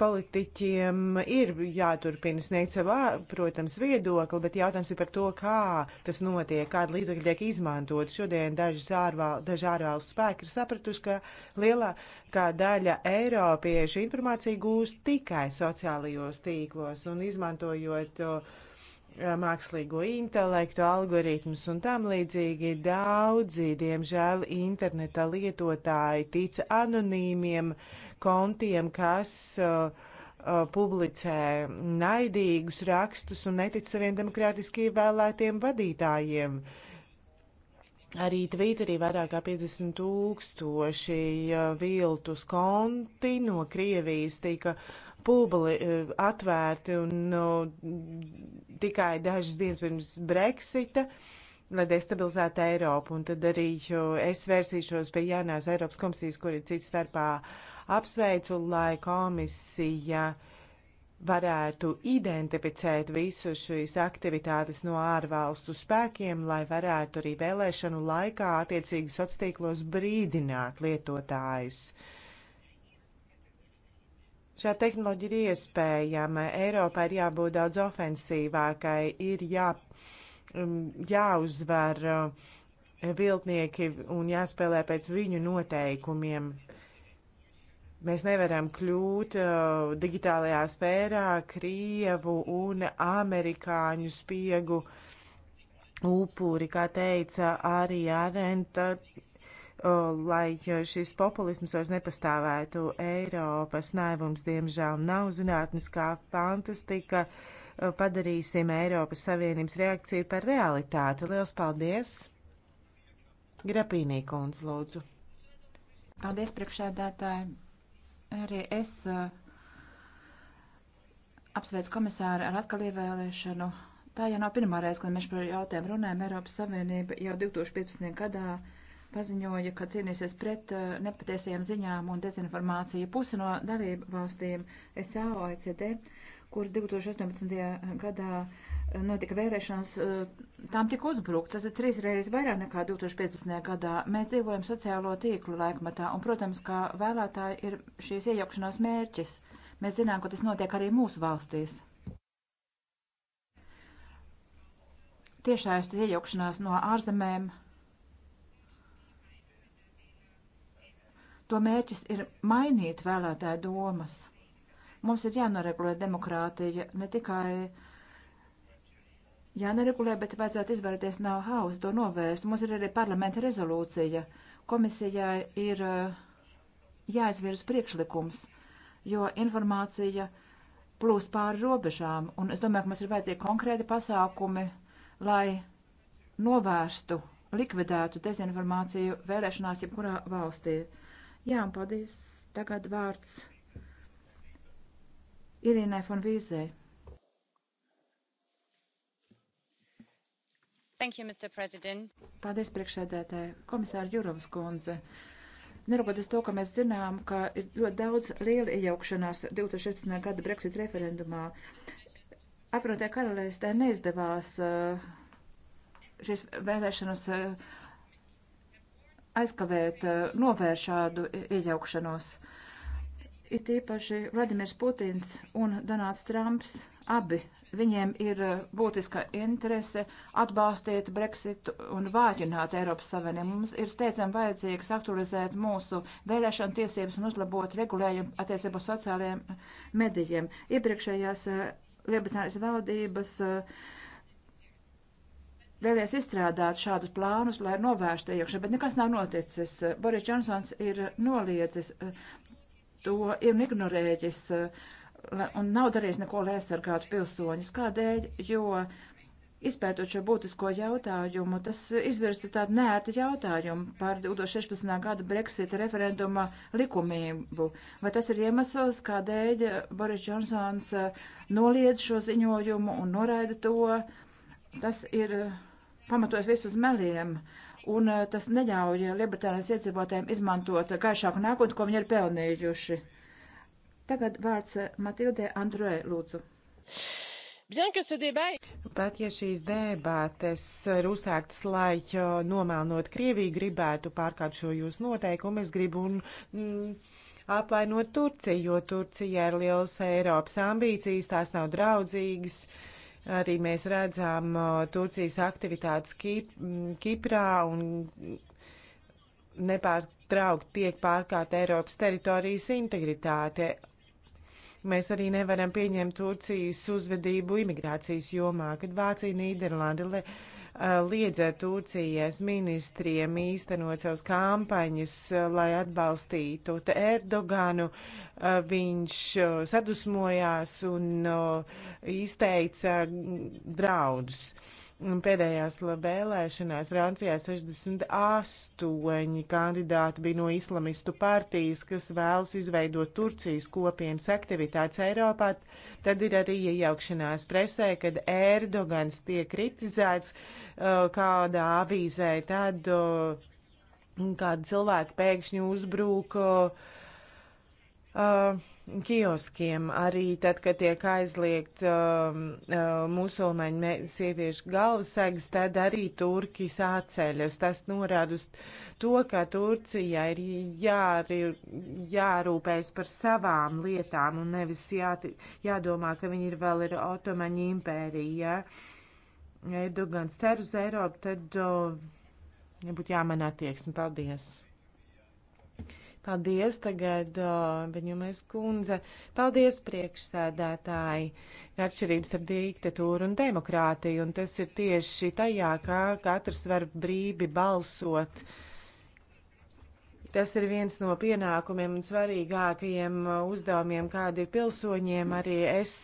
Speaker 1: politiķiem ir jāturpina sniegt savā, protams, viedokli, bet jautājums ir par to, kā tas notiek, kāda līdzekļa tiek izmantot. Šodien daži ārval, ārvalstu spēki ir sapratuši, ka lielākā daļa eiropiešu informāciju gūst tikai sociālajos tīklos un izmantojot mākslīgo intelektu, algoritmus un tam līdzīgi daudzi, diemžēl, interneta lietotāji tic anonīmiem uh, kontiem, kas uh, uh, publicē naidīgus rakstus un netic saviem demokrātiski ievēlētiem vadītājiem. Arī Twitterī vairāk kā 50 tūkstoši uh, viltus konti no Krievijas tika publi, uh, atvērti un no, nu, tikai dažas dienas pirms Brexita. Uh, lai destabilizētu Eiropu. Un tad arī es vērsīšos pie jaunās Eiropas komisijas, kur ir cits starpā Apsveicu, lai komisija varētu identificēt visu šīs aktivitātes no ārvalstu spēkiem, lai varētu arī vēlēšanu laikā attiecīgi sociālos brīdināt lietotājus. Šā tehnoloģija ir iespējama. Eiropā ir jābūt daudz ofensīvākai, ir jā, um, jāuzvar uh, viltnieki un jāspēlē pēc viņu noteikumiem. Mēs nevaram kļūt uh, digitālajā sfērā Krievu un Amerikāņu spiegu upuri, kā teica arī Arenta, uh, lai šis populisms vairs nepastāvētu. Eiropas naivums, diemžēl, nav zinātniskā fantastika. Uh, padarīsim Eiropas Savienības reakciju par realitāti. Liels paldies! Grapīnī kundz, lūdzu.
Speaker 2: Paldies, priekšēdētāji! Arī es apsveicu komisāru ar atkal ievēlēšanu. Tā jau nav pirmā reize, kad mēs par jautājumu runājam. Eiropas Savienība jau 2015. gadā paziņoja, ka cīnīsies pret nepatiesajām ziņām un dezinformāciju. Pusi no dalību valstīm SA, OECD, kur 2018. gadā uh, notika vēlēšanas, eh, tām tika uzbrukts. Tas ir trīs reizes vairāk nekā 2015. gadā. Mēs dzīvojam sociālo tīklu laikmatā, un, protams, kā vēlētāji ir šīs iejaukšanās mērķis. Mēs zinām, ka tas notiek arī mūsu valstīs. Tiešais iejaukšanās no ārzemēm. To mērķis ir mainīt vēlētāju domas. Mums ir jānoregulē demokrātija ne tikai uh, jāneregulē, bet vajadzētu izvairīties no hausa, to novērst. Mums ir arī parlamenta rezolūcija. Komisijai ir eh, jāizvirz priekšlikums, jo informācija plūst pāri robežām, un es domāju, ka mums ir vajadzīgi konkrēti pasākumi, lai novērstu, likvidētu dezinformāciju vēlēšanās jebkurā valstī. Jā, un paldies. Tagad vārds Irinai Fonvīzei. You, Paldies, priekšsēdētāji. Komisāra Jurovs kundze. Neraugoties to, ka mēs zinām, ka ir ļoti daudz liela iejaukšanās 2016. gada Brexit referendumā, apvienotē karalēstē neizdevās eh, šīs vēlēšanas eh, aizkavēt, eh, novērst šādu iejaukšanos. Ir tīpaši Vladimirs Putins un Donalds Trumps Abi viņiem ir eh, būtiska interese atbalstīt Brexitu un vāķināt Eiropas Savienību. Mums ir steidzam vajadzīgs aktualizēt mūsu vēlēšanu tiesības un uzlabot regulējumu attiecībā sociālajiem eh, medijiem. Iepriekšējās eh, Lielbritānijas valdības uh, vēlējies izstrādāt šādus plānus, lai novērstu iekšā, bet nekas nav noticis. Boris Džonsons ir noliedzis to, ir ignorējis. Uh, un nav darījis neko, lai aizsargātu pilsoņus. Kādēļ? Jo Izpētot šo būtisko jautājumu, tas izvirsta tādu nērtu jautājumu par 2016. gada Brexit referenduma likumību. Vai tas ir iemesls, kādēļ Boris Džonsons eh, noliedz šo ziņojumu un noraida to? Tas ir eh, pamatojas visus meliem, un eh, tas neļauj Lielbritānijas iedzīvotājiem izmantot gaišāku nākotni, ko viņi ir pelnījuši. Tagad vārds eh, Matildē Andrē, lūdzu.
Speaker 1: Pat ja šīs debātes ir uzsāktas, lai eh, nomēlnot Krieviju, gribētu pārkāpt šo jūsu noteikumu, es gribu un. Mm, apvainot Turciju, jo Turcija ir liels Eiropas ambīcijas, tās nav draudzīgas. Arī mēs redzam eh, Turcijas aktivitātes Kip mm, Kiprā un nepārtraukt tiek pārkārt Eiropas teritorijas integritāte. Mēs arī nevaram pieņemt Turcijas uzvedību imigrācijas jomā, kad Vācija, Nīderlanda li, liedzē Turcijas ministriem īstenot savas kampaņas, lai atbalstītu Erdoganu. Viņš sadusmojās un izteica draudus. Pēdējās vēlēšanās Francijā 68 kandidāti bija no islamistu partijas, kas vēlas izveidot Turcijas kopienas aktivitātes Eiropā. Tad ir arī iejaukšanās presē, kad Erdogans tiek kritizēts uh, kādā avīzē, tad uh, kāda cilvēka pēkšņi uzbruka. Uh, uh kioskiem, arī tad, kad tiek aizliegt um, uh, musulmaņu sieviešu galvasegas, tad arī Turkijas atceļas. Tas norāda uz to, ka Turcija ir jā, jārūpējas par savām lietām un nevis jā, jādomā, ka viņi ir vēl ir Otomaņu impērija. Ja Erdogans cer uz Eiropu, tad uh, būtu jāmanā tieksme. Paldies! Paldies tagad, Beņumais kundze. Paldies priekšsēdētāji. Ir atšķirības starp diktatūru un demokrātiju, un tas ir tieši tajā, kā katrs var brīvi balsot. Tas ir viens no pienākumiem un svarīgākajiem uzdevumiem, kādi ir pilsoņiem. Arī es,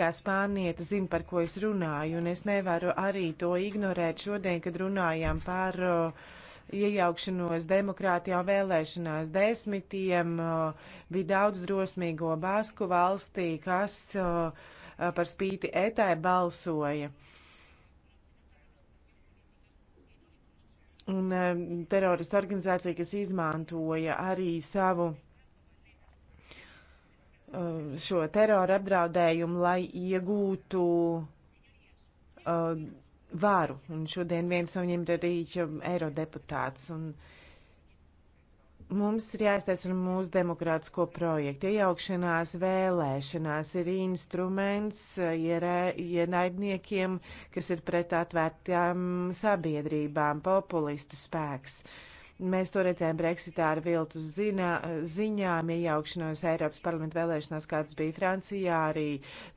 Speaker 1: kā spānieta, zinu, par ko es runāju, un es nevaru arī to ignorēt šodien, kad runājām par uh, iejaukšanos demokrātijā un vēlēšanās. Desmitiem bija daudz drosmīgo basku valstī, kas par spīti etai balsoja. Un teroristu organizācija, kas izmantoja arī savu šo terora apdraudējumu, lai iegūtu uh, varu. Un šodien viens no viņiem ir arī um, eirodeputāts. Un mums ir jāiztais ar mūsu demokrātisko projektu. Iejaukšanās vēlēšanās ir instruments uh, ienaidniekiem, kas ir pret atvērtām sabiedrībām, populistu spēks. Uh, Mēs to redzējām Brexitā ar viltus zinā, ziņām, iejaukšanos Eiropas parlamentu vēlēšanās, kāds bija Francijā, arī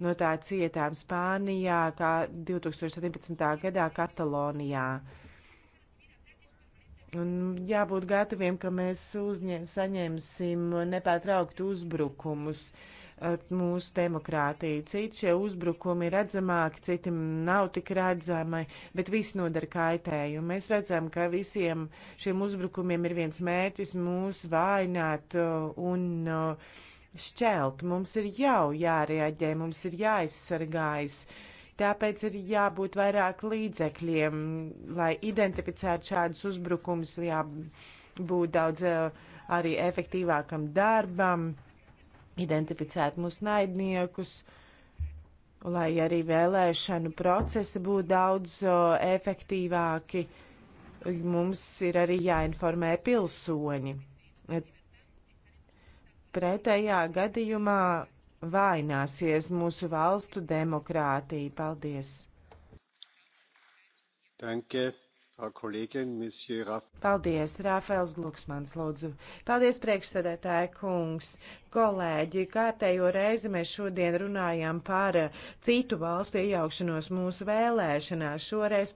Speaker 1: no tā cietām Spānijā, kā 2017. gadā Katalonijā. Un jābūt gataviem, ka mēs uzņem, saņemsim nepārtrauktu uzbrukumus. Uh, mūsu demokrātiju. Citi šie uzbrukumi ir redzamāki, citi nav tik redzami, bet visi nodara kaitējumu. Mēs redzam, ka visiem šiem uzbrukumiem ir viens mērķis - mūs vainot uh, un uh, šķelt. Mums ir jau jārēģē, mums ir jāizsargājas. Tāpēc ir jābūt vairāk līdzekļiem, lai identificētu šādus uzbrukumus, jābūt daudz uh, arī efektīvākam darbam identificēt mūsu naidniekus, lai arī vēlēšanu procesi būtu daudz efektīvāki. Mums ir arī jāinformē pilsoņi. Pretējā gadījumā vaināsies mūsu valstu demokrātija. Paldies! Danke. Paldies, Rāfēls Gluksmans, lūdzu. Paldies, priekšsēdētāja kungs. Kolēģi, kārtējo reizi mēs šodien runājām par eh, citu valstu iejaukšanos mūsu vēlēšanās. Šoreiz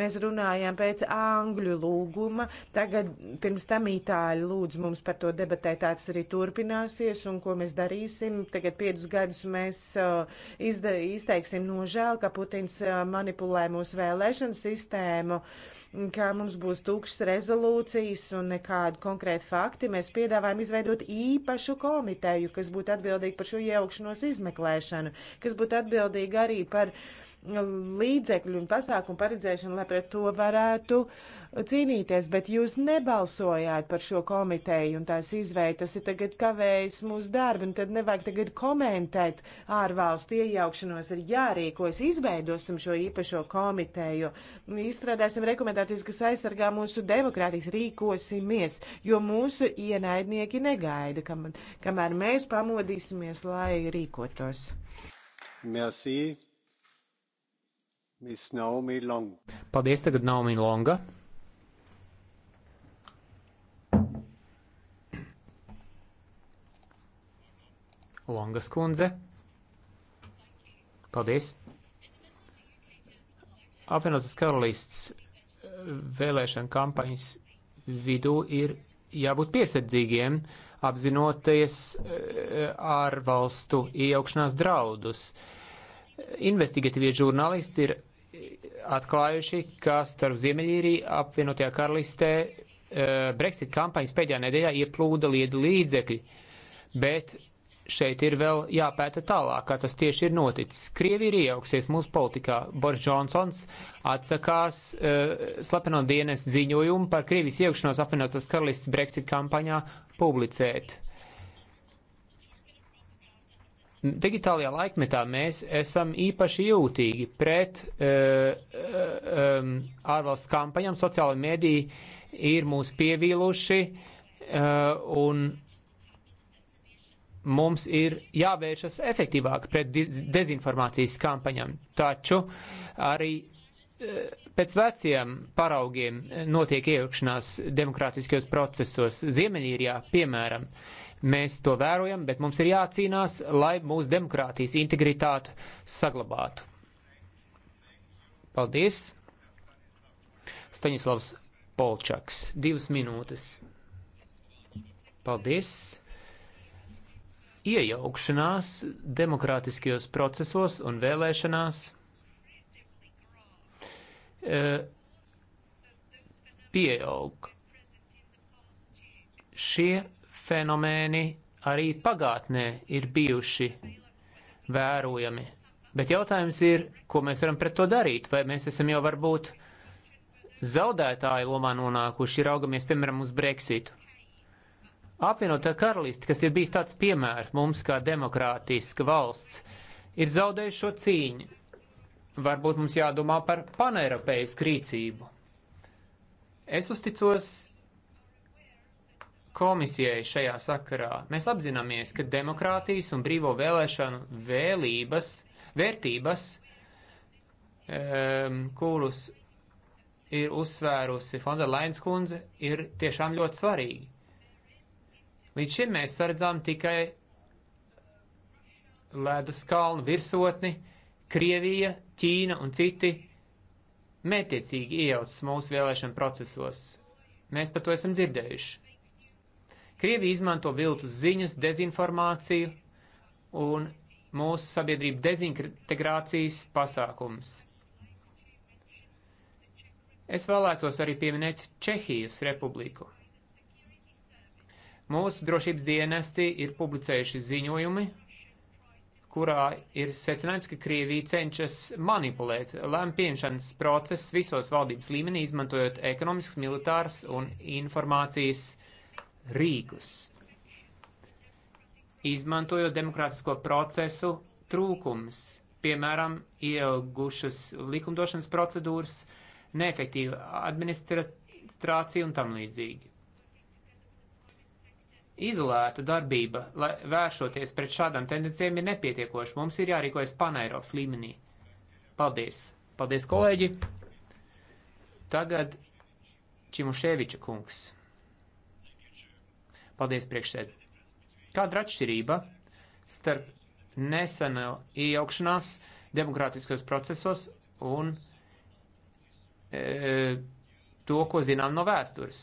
Speaker 1: mēs runājām pēc angļu lūguma, tagad pirms tam itāļi lūdz mums par to debatē, tāds arī turpināsies un ko mēs darīsim. Tagad piecus gadus mēs eh, izda, izteiksim nožēlu, ka Putins eh, manipulē mūsu vēlēšanu sistēmu. Uh, kā mums būs tukšas rezolūcijas un nekādi konkrēti fakti. Mēs piedāvājam izveidot īpašu komiteju, kas būtu atbildīga par šo iejaukšanos izmeklēšanu, kas būtu atbildīga arī par uh, līdzekļu un pasākumu paredzēšanu, lai pret to varētu cīnīties, bet jūs nebalsojāt par šo komiteju un tās izveidu. Tas ir tagad kavējis mūsu darbu, un tad nevajag tagad komentēt ārvalstu iejaukšanos, ir jārīkojas, izveidosim šo īpašo komiteju, izstrādāsim rekomendācijas, kas aizsargā mūsu demokrātijas, rīkosimies, jo mūsu ienaidnieki negaida, kam, kamēr mēs pamodīsimies,
Speaker 3: lai rīkotos. Merci. Paldies, tagad Naomi Longa. Longas kundze. Paldies. Apvienotās karalists vēlēšana kampaņas vidū ir jābūt piesardzīgiem, apzinoties eh, ārvalstu iejaukšanās draudus. Investigatīvie žurnālisti ir atklājuši, ka starp Ziemeļīriju apvienotajā karalistē e, Brexit kampaņas pēdējā nedēļā ieplūda liedi līdzekļi, bet šeit ir vēl jāpēta tālāk, kā tas tieši ir noticis. Krievija ir iejauksies mūsu politikā. Boris Džonsons atsakās uh, e, slepeno dienas ziņojumu par Krievijas iekšanos apvienotās karalistas Brexit kampaņā publicēt. Uh, Digitālajā laikmetā mēs esam īpaši jūtīgi pret uh, um, ārvalstu kampaņām. Sociāla mediji ir mūs pievīluši uh, un mums ir jāvēršas efektīvāk pret dezinformācijas kampaņām. Taču arī pēc veciem paraugiem notiek iejaukšanās demokrātiskajos procesos. Ziemeļīrijā, piemēram, uh, Mēs to vērojam, bet mums ir jācīnās, lai mūsu demokrātijas integritātu saglabātu. Paldies! Staņislavs Polčaks, divas minūtes. Paldies! Iejaukšanās demokrātiskajos procesos un vēlēšanās e, pieaug. Šie fenomēni arī pagātnē ir bijuši vērojami. Bet jautājums ir, ko mēs varam pret to darīt? Vai mēs esam jau varbūt zaudētāju lomā nonākuši, ir augamies, piemēram, uz Brexitu? Apvienotā karaliste, kas ir bijis tāds piemērs mums kā demokrātiska valsts, ir zaudējuši šo cīņu. Varbūt mums jādomā par paneiropeisku rīcību. Es uzticos komisijai šajā sakarā. Mēs apzināmies, ka demokrātijas un brīvo vēlēšanu vēlības, vērtības, um, kurus ir uzsvērusi Fonda Lains kundze, ir tiešām ļoti svarīgi. Līdz šim mēs saredzām tikai ledus kalnu virsotni, Krievija, Ķīna un citi mētiecīgi iejaucas mūsu vēlēšanu procesos. Mēs par to esam dzirdējuši. Krievija izmanto viltus ziņas, dezinformāciju un mūsu sabiedrību dezintegrācijas pasākums. Es vēlētos arī pieminēt Čehijas republiku. Mūsu drošības dienesti ir publicējuši ziņojumi, kurā ir secinājums, ka Krievija cenšas manipulēt lēmumu pieņemšanas procesus visos valdības līmenī, izmantojot ekonomiskas, militāras un informācijas rīkus, izmantojot demokrātisko procesu trūkums, piemēram, ielgušas likumdošanas procedūras, neefektīva administrācija un tam līdzīgi. Izolēta darbība, lai vēršoties pret šādām tendencijām, ir nepietiekoša. Mums ir jārīkojas paneiropas līmenī. Paldies! Paldies, kolēģi! Tagad Čimuševiča kungs. Paldies, priekšsēd. Kāda ir atšķirība starp neseno iejaukšanās demokrātiskos procesos un e, to, ko zinām no vēstures?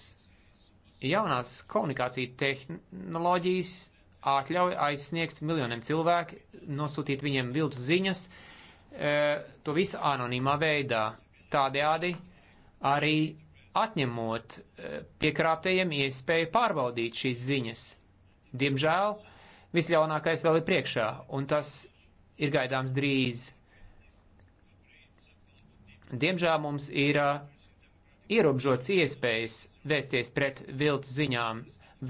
Speaker 3: Jaunās komunikācija tehnoloģijas atļauj aizsniegt miljoniem cilvēku, nosūtīt viņiem viltus ziņas, e, to visu anonīmā veidā. Tādējādi arī atņemot eh, piekrāptajiem iespēju pārbaudīt šīs ziņas. Diemžēl visļaunākais vēl ir priekšā, un tas ir gaidāms drīz. Diemžēl mums ir eh, ierobežots iespējas vēsties pret viltu ziņām.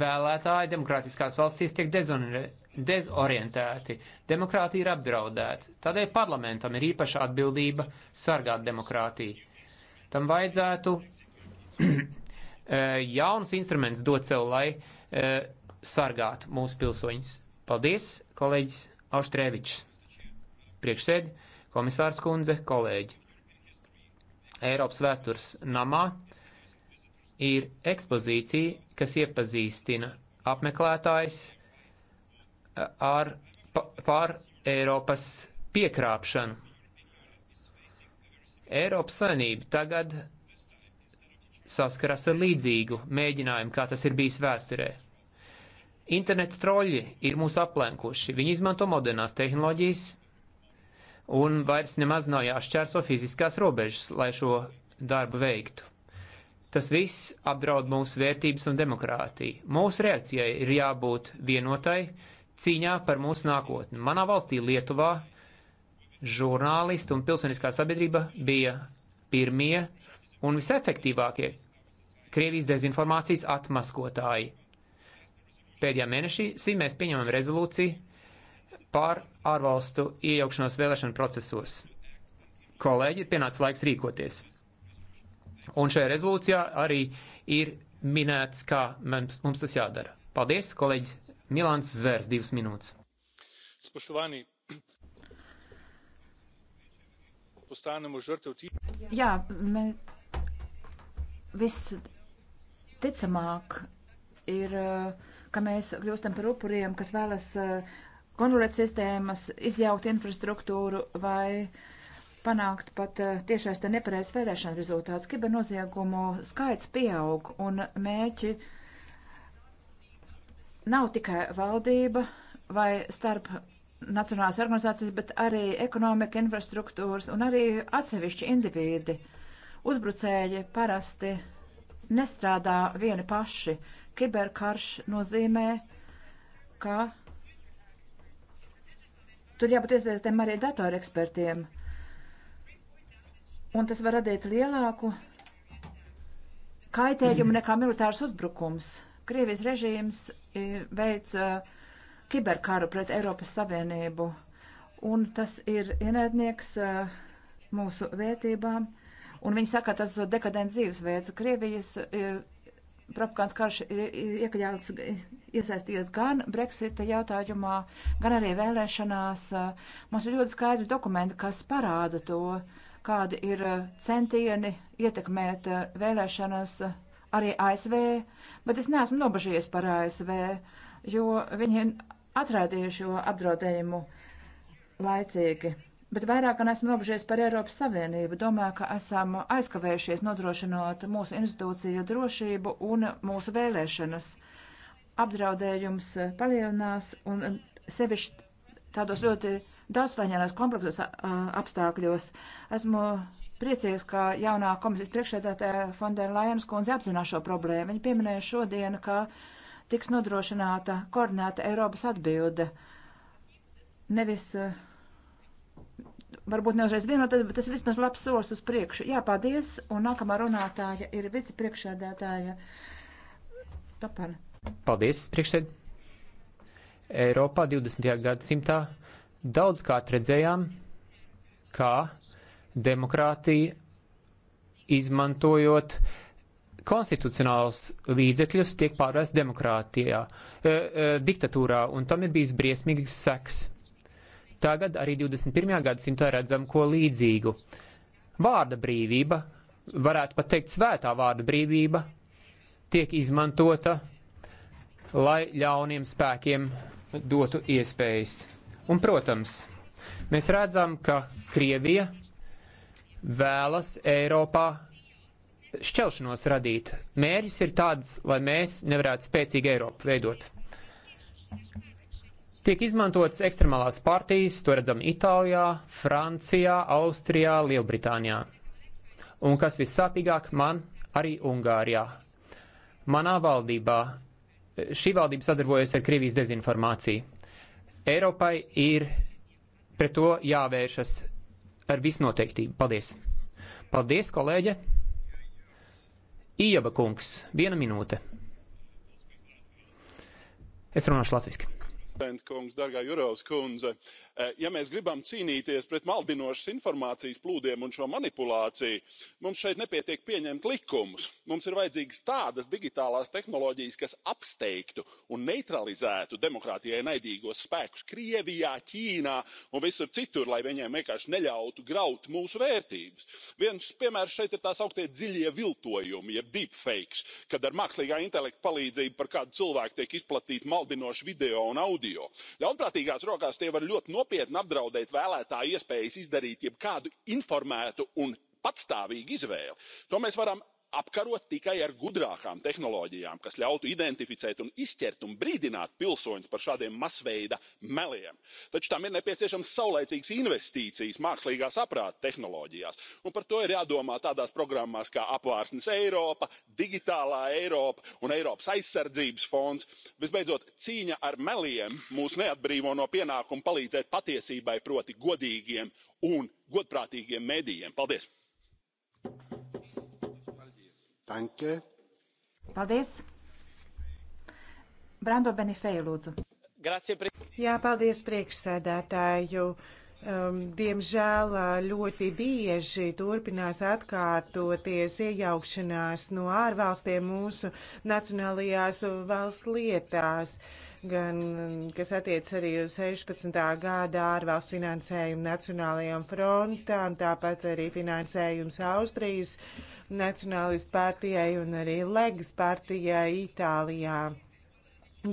Speaker 3: Vēlētāji demokrātiskās valstīs tiek dezorientēti, demokrātija ir apdraudēta. Tādēļ parlamentam ir īpaša atbildība sargāt demokrātiju. Tam vajadzētu Eh, jauns instruments dot sev, lai eh, sargātu mūsu pilsoņus. Paldies, kolēģis Auštrēvičs. Priekšsēdi, komisārs kundze, kolēģi. Eiropas vēstures namā ir ekspozīcija, kas iepazīstina apmeklētājs eh, ar pār Eiropas piekrāpšanu. Eiropas savinība tagad saskaras ar līdzīgu mēģinājumu, kā tas ir bijis vēsturē. Interneta troļļi ir mūs aplenkuši. Viņi izmanto modernās tehnoloģijas un vairs nemaz nav jāšķērso fiziskās robežas, lai šo darbu veiktu. Tas viss apdraud mūsu vērtības un demokrātiju. Mūsu reakcijai ir jābūt vienotai cīņā par mūsu nākotni. Manā valstī, Lietuvā, žurnālisti un pilsoniskā sabiedrība bija pirmie, un visefektīvākie - Krievijas dezinformācijas atmaskotāji. Pēdējā mēnesī mēs pieņemam rezolūciju pār ārvalstu iejaukšanos vēlēšanu procesos. Kolēģi, ir pienācis laiks rīkoties. Un šajā rezolūcijā arī ir minēts, kā mums, mums tas jādara. Paldies, kolēģis Milāns Zvērs, divas minūtes.
Speaker 4: Spoštovani, postanemo žrtev tih.
Speaker 2: Jā, mēs visticamāk ir, eh, ka mēs kļūstam par upuriem, kas vēlas eh, kontrolēt sistēmas, izjaukt infrastruktūru vai panākt pat eh, tiešais te nepareizs vērēšana rezultāts. Kibernoziegumu skaits pieaug un mēķi nav tikai valdība vai starp nacionālās organizācijas, bet arī ekonomika, infrastruktūras un arī atsevišķi indivīdi. Uh, Uzbrucēji parasti nestrādā vieni paši. Kiberkarš nozīmē, ka tur jābūt iesaistēm arī datorekspertiem. Un tas var radīt lielāku kaitējumu nekā militārs uzbrukums. Krievijas režīms e, veic e, kiberkaru pret Eiropas Savienību, un tas ir ienaidnieks e, mūsu vērtībām. Un viņi saka, tas dekadents dzīvesveids. Krievijas e, propagandas karš ir iekļauts, e, iesaistījies gan Brexita jautājumā, gan arī vēlēšanās. E, mums ir ļoti skaidri dokumenti, kas parāda to, kādi ir centieni ietekmēt vēlēšanas arī ASV, bet es neesmu nobažījies par ASV, jo viņi atrādīja šo apdraudējumu laicīgi. Bet vairāk gan esmu nobežies par Eiropas Savienību. Domāju, ka esam aizkavējušies nodrošinot mūsu institūciju drošību un mūsu vēlēšanas. Apdraudējums palielinās un sevišķi tādos ļoti daudzslāņēnās kompleksos apstākļos. Esmu priecīgs, ka jaunā komisijas priekšsēdētāja Fondēra Lajenas kundze apzinās šo problēmu. Viņa pieminēja šodien, ka tiks nodrošināta koordinēta Eiropas atbilde. Nevis uh, varbūt neuzreiz vienotā, bet tas vismaz labs solis uz priekšu. Jā, paldies, un nākamā runātāja ir vicepriekšsēdētāja Topana.
Speaker 3: Paldies, priekšsēd. Eiropā 20. gadsimtā daudzkārt redzējām, kā demokrātija izmantojot konstitucionāls līdzekļus tiek pārvērsts demokrātijā, e, e, diktatūrā, un tam ir bijis briesmīgs seks. Tagad arī 21. gadsimtā redzam ko līdzīgu. Vārda brīvība, varētu pat teikt svētā vārda brīvība, tiek izmantota, lai ļauniem spēkiem dotu iespējas. Un, protams, mēs redzam, ka Krievija vēlas Eiropā šķelšanos radīt. Mērķis ir tāds, lai mēs nevarētu spēcīgu Eiropu veidot. Tiek izmantotas ekstremālās partijas, to redzam Itālijā, Francijā, Austrijā, Lielbritānijā. Un kas vissāpīgāk man, arī Ungārijā. Manā valdībā šī valdība sadarbojas ar Krievijas dezinformāciju. Eiropai ir pret to jāvēršas ar visnoteiktību. Paldies! Paldies, kolēģe! Ijaba kungs, viena minūte. Es runāšu latviski
Speaker 4: prezident kungs dargā jurovas kundze e, ja mēs gribam cīnīties pret maldinošas informācijas plūdiem un šo manipulāciju mums šeit nepietiek pieņemt likumus mums ir vajadzīgas tādas digitālās tehnoloģijas kas apsteigtu un neutralizētu demokrātijai naidīgos spēkus krievijā ķīnā un visur citur lai viņiem vienkārši neļautu graut mūsu vērtības. viens piemērs šeit ir tā sauktie dziļie viltojumi jeb deepfakes kad ar mākslīgā intelekta palīdzību par kādu cilvēku tiek izplatīti maldinoši video un audio audio. ļaunprātīgās rokās tie var ļoti nopietni apdraudēt vēlētāju iespējas izdarīt jebkādu informētu un patstāvīgu izvēli. to mēs varam apkarot tikai ar gudrākām tehnoloģijām kas ļautu identificēt un izķert un brīdināt pilsoņus par šādiem masveida meliem taču tam ir nepieciešamas saulaicīgas investīcijas mākslīgā saprāta tehnoloģijās un par to ir jādomā tādās programmās kā apvārsnes eiropa digitālā eiropa un eiropas aizsardzības fonds. visbeidzot cīņa ar meliem mūs neatbrīvo no pienākuma palīdzēt patiesībai proti godīgiem un godprātīgiem medijiem. paldies!
Speaker 1: Danke.
Speaker 2: Paldies. Brando Benifeju lūdzu. Grazie, pre... Jā, paldies
Speaker 1: priekšsēdētāju. Um, diemžēl uh, ļoti bieži turpinās atkārtoties iejaukšanās no ārvalstiem mūsu nacionālajās valsts lietās. Uh, gan kas attiec arī uz 16. gada ārvalstu finansējumu Nacionālajām frontām, tāpat arī finansējums Austrijas Nacionālistu partijai un arī Legas partijai Itālijā.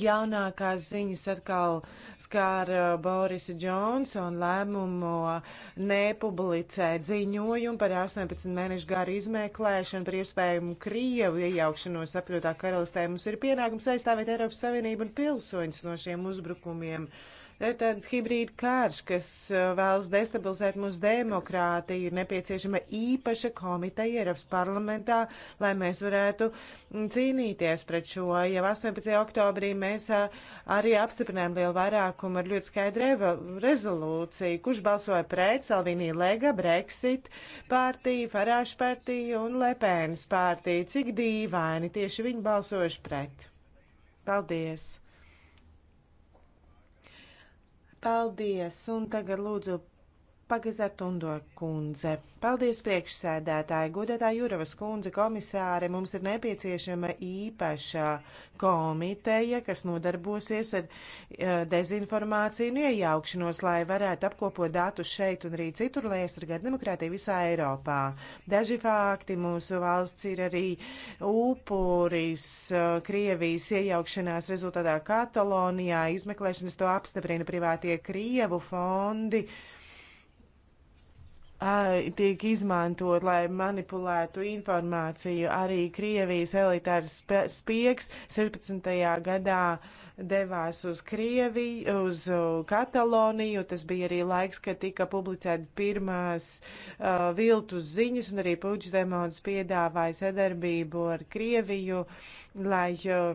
Speaker 1: Jaunākās ziņas atkal skāra uh, Borisa Džonsona lēmumu uh, nepublicēt ziņojumu par 18 mēnešu garu izmeklēšanu par iespējumu Krievu iejaukšanos apvienotā karalistē. Mums ir pienākums aizstāvēt Eiropas Savienību un pilsoņus no šiem uzbrukumiem. Uh, ir tāds hibrīda karš, kas uh, vēlas destabilizēt mūsu demokrātiju. Ir nepieciešama īpaša komiteja Eiropas parlamentā, lai mēs varētu mm, cīnīties pret šo. Jau 18. oktobrī mēs uh, arī apstiprinājām lielu vairākumu ar ļoti skaidru rezolūciju, kurš balsoja pret Salvini Lega, Brexit partiju, Farāšu partiju un Lepēnas partiju. Cik dīvaini tieši viņi balsojuši pret. Paldies! Paldies! Un tagad lūdzu Pagazatundu kundze. Paldies priekšsēdētāji, godētā Juravas kundze komisāre. Mums ir nepieciešama īpašā komiteja, kas nodarbosies ar uh, dezinformāciju un iejaukšanos, lai varētu apkopot datus šeit un arī citur, lai aizsargātu demokrātiju visā Eiropā. Daži fakti mūsu valsts ir arī upuris uh, Krievijas iejaukšanās rezultātā Katalonijā. Izmeklēšanas to apstiprina privātie Krievu fondi. Uh, tiek izmantot, lai manipulētu informāciju. Arī Krievijas elitārs spiegs 17. gadā devās uz Krieviju, uz uh, Kataloniju. Tas bija arī laiks, kad tika publicēta pirmās uh, viltus ziņas, un arī Puģdemons piedāvāja sadarbību ar Krieviju, lai. Uh,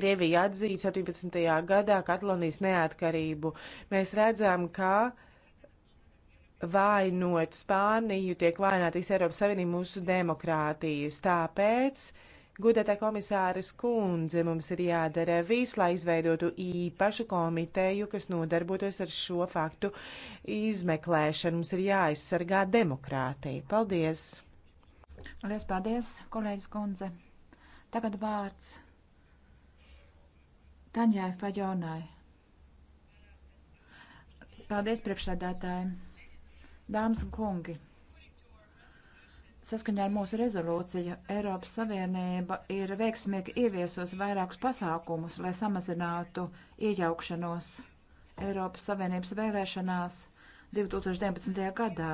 Speaker 1: Krievija atzīja 17. gadā Katalonijas neatkarību. Mēs redzam, ka uh, vainot Spāniju, tiek vainot visa Eiropas Savienība mūsu demokrātijas. Tāpēc, gudētā komisāras kundze, mums ir jādara viss, lai izveidotu īpašu komiteju, kas nodarbotos ar šo faktu izmeklēšanu. Mums ir jāaizsargā demokrātija. Paldies!
Speaker 2: Lies paldies, kolēģis kundze! Tagad vārds Taņai Fajonai. Paldies priekšsēdētājiem! Dāmas un kungi, saskaņā ar mūsu rezolūciju Eiropas Savienība ir veiksmīgi ieviesos vairākus pasākumus, lai samazinātu iejaukšanos Eiropas Savienības vēlēšanās 2019. gadā.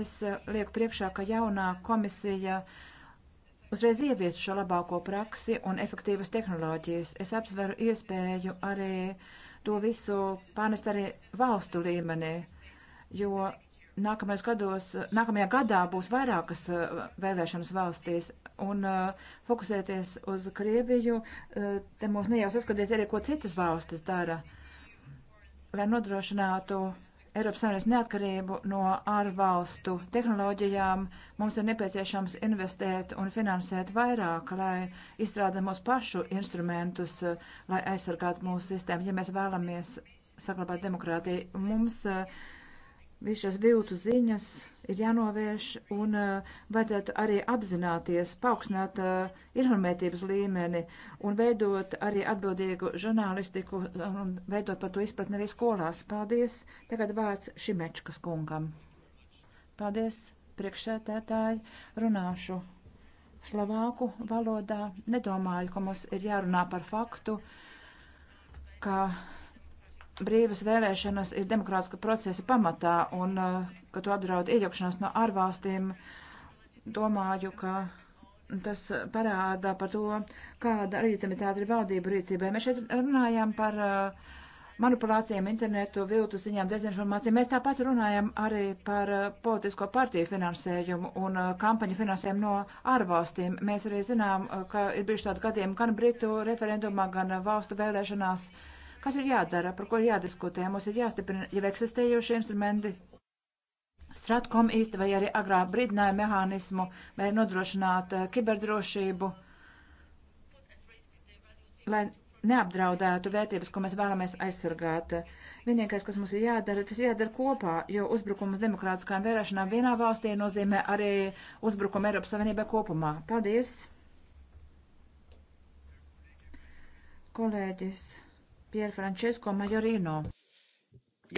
Speaker 2: Es eh, lieku priekšā, ka jaunā komisija uzreiz ievies šo labāko praksi un efektīvas tehnoloģijas. Es apsveru iespēju arī to visu pārnest arī valstu līmenī, jo nākamais gados, nākamajā gadā būs vairākas eh, vēlēšanas valstīs un uh, fokusēties uz Krieviju, uh, te mums nejau saskatīt arī, ko citas valstis dara, lai nodrošinātu Eiropas Savienības neatkarību no ārvalstu tehnoloģijām. Mums ir nepieciešams investēt un finansēt vairāk, lai izstrādātu mūsu pašu instrumentus, uh, lai aizsargātu mūsu sistēmu, ja mēs vēlamies saglabāt demokrātiju. Mums uh, Visu šos viltu ziņas ir jānovērš un uh, vajadzētu arī apzināties, paaugstināt uh, informētības līmeni un veidot arī atbildīgu žurnālistiku un veidot par to izpratni arī skolās. Paldies. Tagad vārds Šimečkas kungam. Paldies, priekšsētētāji. Runāšu slavāku valodā. Nedomāju, ka mums ir jārunā par faktu, ka brīvas vēlēšanas ir demokrātiska procesa pamatā un eh, ka to apdraud iejaukšanās no ārvalstīm, domāju, ka tas parāda par to, kāda rīcimitāte ir valdību rīcībai. Mēs šeit runājam par eh, manipulācijām internetu, viltu ziņām, dezinformāciju. Mēs tāpat runājam arī par eh, politisko partiju finansējumu un kampaņu finansējumu no ārvalstīm. Mēs arī zinām, ka ir bijuši tādi gadījumi gan Britu referendumā, gan valstu vēlēšanās. Uh, Kas ir jādara, par ko ir jādiskutē? Mums ir jāstiprina jau eksistējošie instrumenti. Stratkom īsti vai arī agrā brīdināja mehānismu, vai nodrošināt eh, kiberdrošību, lai neapdraudētu vērtības, ko mēs vēlamies aizsargāt. Vienīgais, kas mums ir jādara, tas jādara kopā, jo uzbrukums demokrātiskām vērēšanām vienā valstī nozīmē arī uzbrukumu Eiropas Savienībai kopumā. Paldies! Kolēģis Pier Francesco Majorino.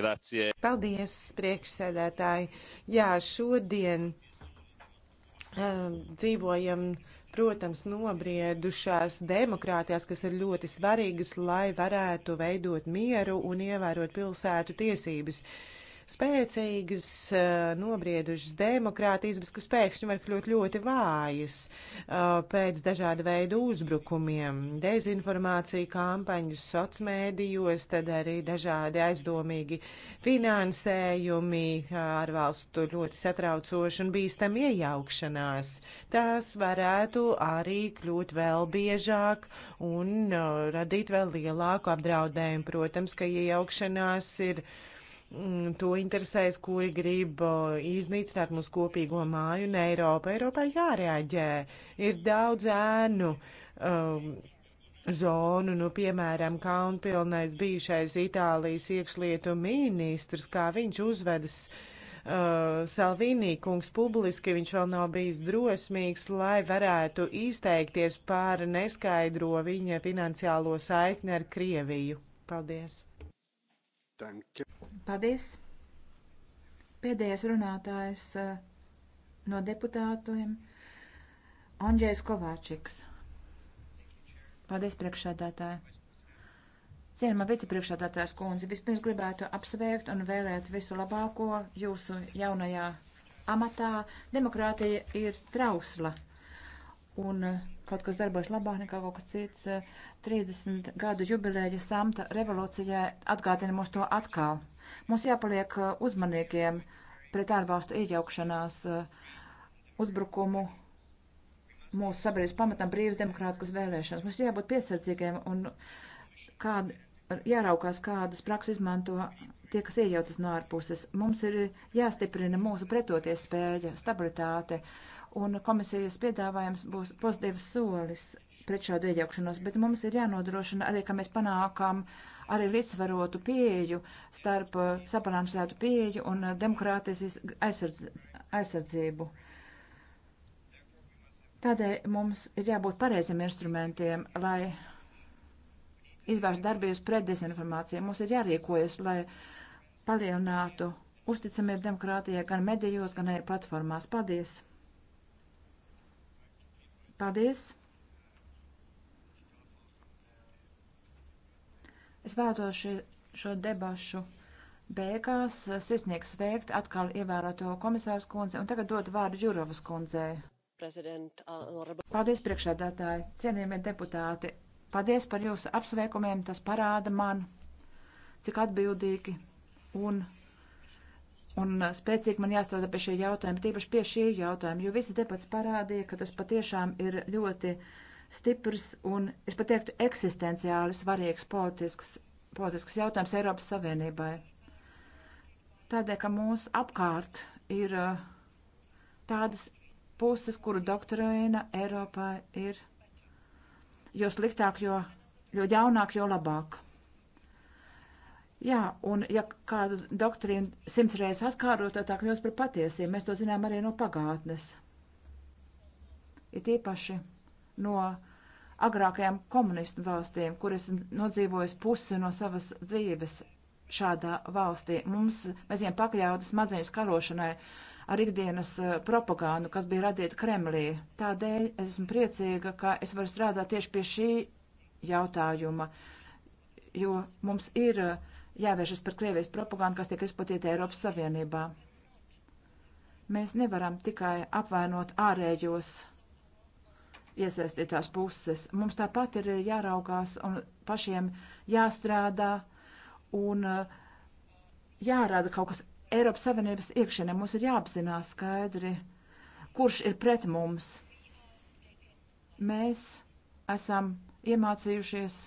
Speaker 1: Grazie. Paldies, priekšsēdētāji. Jā, šodien um, dzīvojam, protams, nobriedušās demokrātijās, kas ir ļoti svarīgas, lai varētu veidot mieru un ievērot pilsētu tiesības. Uh, spēcīgas, eh, nobriedušas demokrātības, kas pēkšņi var kļūt ļoti vājas eh, pēc dažāda veida uzbrukumiem, dezinformācija kampaņas socmēdījos, tad arī dažādi aizdomīgi finansējumi, ārvalstu eh, ļoti satraucoši un bīstam iejaukšanās. Tas varētu arī kļūt vēl biežāk un radīt vēl lielāku apdraudējumu. Protams, ka iejaukšanās ir Mm, to interesēs, kuri grib iznīcināt mūsu kopīgo māju un Eiropu. Eiropai jārēģē. Ir daudz ēnu um, zonu, nu, piemēram, Kaunpilnais bijušais Itālijas iekšlietu ministrs, kā viņš uzvedas uh, Salvīnī kungs publiski, viņš vēl nav bijis drosmīgs, lai varētu izteikties par neskaidro viņa finansiālo saikni ar Krieviju. Paldies! Danke.
Speaker 2: Paldies. Pēdējais runātājs eh, no deputātiem - Andrzejs Kovāčiks. Paldies, priekšsēdētāji. Cienījamā vicepriekšsēdētājas kundze, vispirms gribētu apsveikt un vēlēt visu labāko jūsu jaunajā amatā. Demokrātija ir trausla. Un uh, kaut kas darbojas labāk nekā kaut kas cits. 30 eh, gadu jubilēja samta revolūcijai atgādina mums to atkal. Mums jāpaliek eh, uzmanīgiem pret ārvalstu iejaukšanās eh, uzbrukumu mūsu sabiedrības pamatam brīvas demokrātiskas vēlēšanas. Mums jābūt piesardzīgiem un kād, jāraukās, kādas prakses izmanto tie, kas iejaucas no ārpuses. Mums ir jāstiprina mūsu pretoties spēja, stabilitāte un komisijas piedāvājums būs pozitīvs solis pret šādu iejaukšanos, bet mums ir jānodrošina arī, ka mēs panākam arī līdzsvarotu pieeju starp uh, sabalansētu pieeju un uh, demokrātijas aizsardz, aizsardzību. Tādēļ mums ir jābūt pareiziem instrumentiem, lai izvērstu darbības pret dezinformāciju. Mums ir jārīkojas, lai palielinātu uzticamību demokrātijai gan medijos, gan arī platformās. Paldies! Paldies! Es vēlos šo, šo debašu beigās eh, sirsnieks sveikt atkal ievēroto komisārs kundzi un tagad dot vārdu Jurovas kundzei. Uh, Paldies priekšādātāji, cienījamie deputāti. Paldies par jūsu apsveikumiem, tas parāda man, cik atbildīgi un Un uh, spēcīgi man jāstrādā pie šī jautājuma, tīpaši pie šī jautājuma, jo visas debats parādīja, ka tas patiešām ir ļoti stiprs un, es pat teiktu, eksistenciāli svarīgs politisks, politisks jautājums Eiropas Savienībai. Tādēļ, ka mūs apkārt ir uh, tādas puses, kuru doktrīna Eiropā ir jo sliktāk, jo, jo ļaunāk, jo labāk. Jā, un ja kādu doktrīnu simts reizes atkārtot, tad tā kļūst par patiesību. Mēs to zinām arī no pagātnes. Ir tīpaši no agrākajām komunistu valstīm, kuras nodzīvojas pusi no savas dzīves šādā valstī. Mums, mēs viņiem pakļauti smadzeņu karošanai ar ikdienas eh, propagandu, kas bija radīta Kremlī. Tādēļ es esmu priecīga, ka es varu strādāt tieši pie šī jautājuma, jo mums ir uh, jāvēršas par Krievijas propagandu, kas tiek izplatīta Eiropas Savienībā. Mēs nevaram tikai apvainot ārējos iesaistītās puses. Mums tāpat ir jāraugās un pašiem jāstrādā un eh, jārada kaut kas Eiropas Savienības iekšienē. Mums ir jāapzinās skaidri, kurš ir pret mums. Mēs esam iemācījušies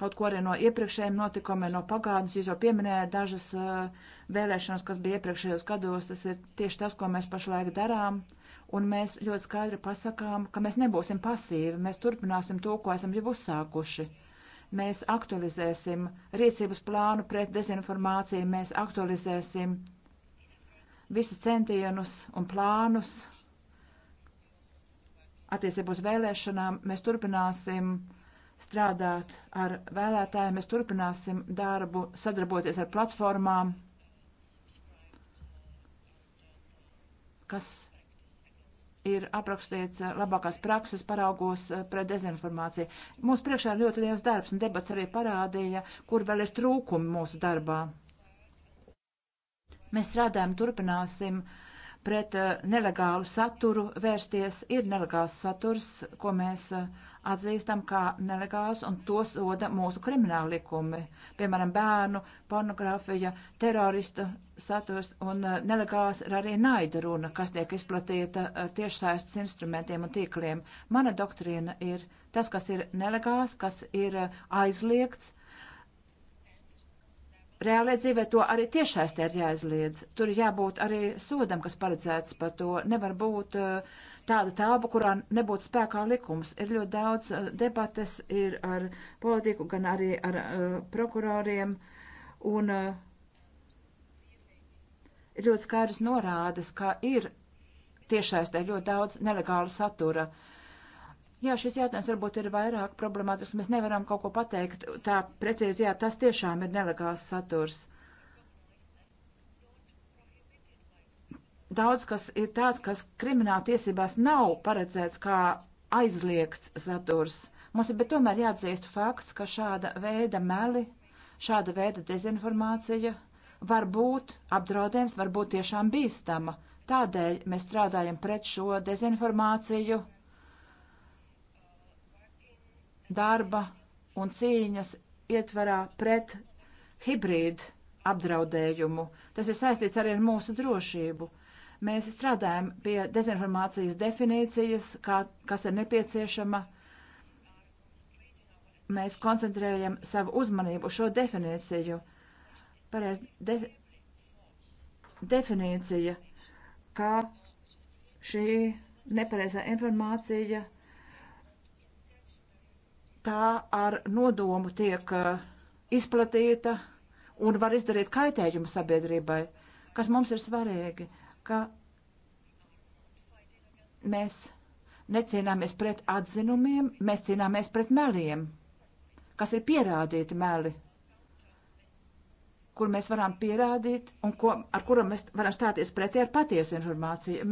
Speaker 2: kaut ko arī no iepriekšējiem notikumiem, no pagātnes. Jūs jau pieminējāt dažas uh, vēlēšanas, kas bija iepriekšējos gados. Tas ir tieši tas, ko mēs pašlaik darām. Un mēs ļoti skaidri pasakām, ka mēs nebūsim pasīvi, mēs turpināsim to, ko esam jau uzsākuši. Mēs aktualizēsim rīcības plānu pret dezinformāciju, mēs aktualizēsim visus centienus un plānus attiecībā uz vēlēšanām. Mēs turpināsim uh, strādāt ar vēlētājiem. Mēs turpināsim darbu, sadarboties ar platformām, kas ir aprakstīts eh, labākās prakses paraugos eh, pret dezinformāciju. Mūsu priekšā ir ļoti liels darbs, un debats arī parādīja, kur vēl ir trūkumi mūsu darbā. Mēs strādājam, turpināsim pret eh, nelegālu saturu vērsties. Ir nelegāls saturs, ko mēs atzīstam kā nelegāls un to soda mūsu krimināla likumi, piemēram, bērnu, pornogrāfija, teroristu saturs un eh, nelegāls ir arī naida runa, kas tiek izplatīta eh, tiešsaistes instrumentiem un tīkliem. Mana doktrīna ir tas, kas ir nelegāls, kas ir eh, aizliegts. Reālajā dzīvē to arī tiešsaistē ir jāizliedz. Tur jābūt arī sodam, kas paredzēts par to. Nevar būt uh, tādu tābu, kurā nebūtu spēkā likums. Ir ļoti daudz eh, debates ir ar politiku, gan arī ar uh, prokuroriem. Un uh, ir ļoti skaidrs norādes, ka ir tiešsaistē ļoti daudz nelegāla satura. Jā, šis jautājums varbūt ir vairāk problemātisks. Mēs nevaram kaut ko pateikt tā precīzi, jā, tas tiešām ir nelegāls saturs. daudz kas ir tāds, kas krimināla tiesībās nav paredzēts kā aizliegts saturs. Mums ir tomēr jāatzīst fakts, ka šāda veida meli, šāda veida dezinformācija var būt apdraudējums, var būt tiešām bīstama. Tādēļ mēs strādājam pret šo dezinformāciju darba un cīņas ietvarā pret hibrīdu apdraudējumu. Tas ir saistīts arī ar mūsu drošību. Mēs strādājam pie dezinformācijas definīcijas, kā, kas ir nepieciešama. Mēs koncentrējam savu uzmanību uz šo definīciju. Pareiz de, definīcija, kā šī nepareizā informācija, tā ar nodomu tiek uh, izplatīta un var izdarīt kaitējumu sabiedrībai, kas mums ir svarīgi ka mēs necīnāmies pret atzinumiem, mēs cīnāmies pret meliem, kas ir pierādīti meli, kur mēs varam pierādīt un ko, ar kuru mēs varam stāties pretī ar patiesu informāciju.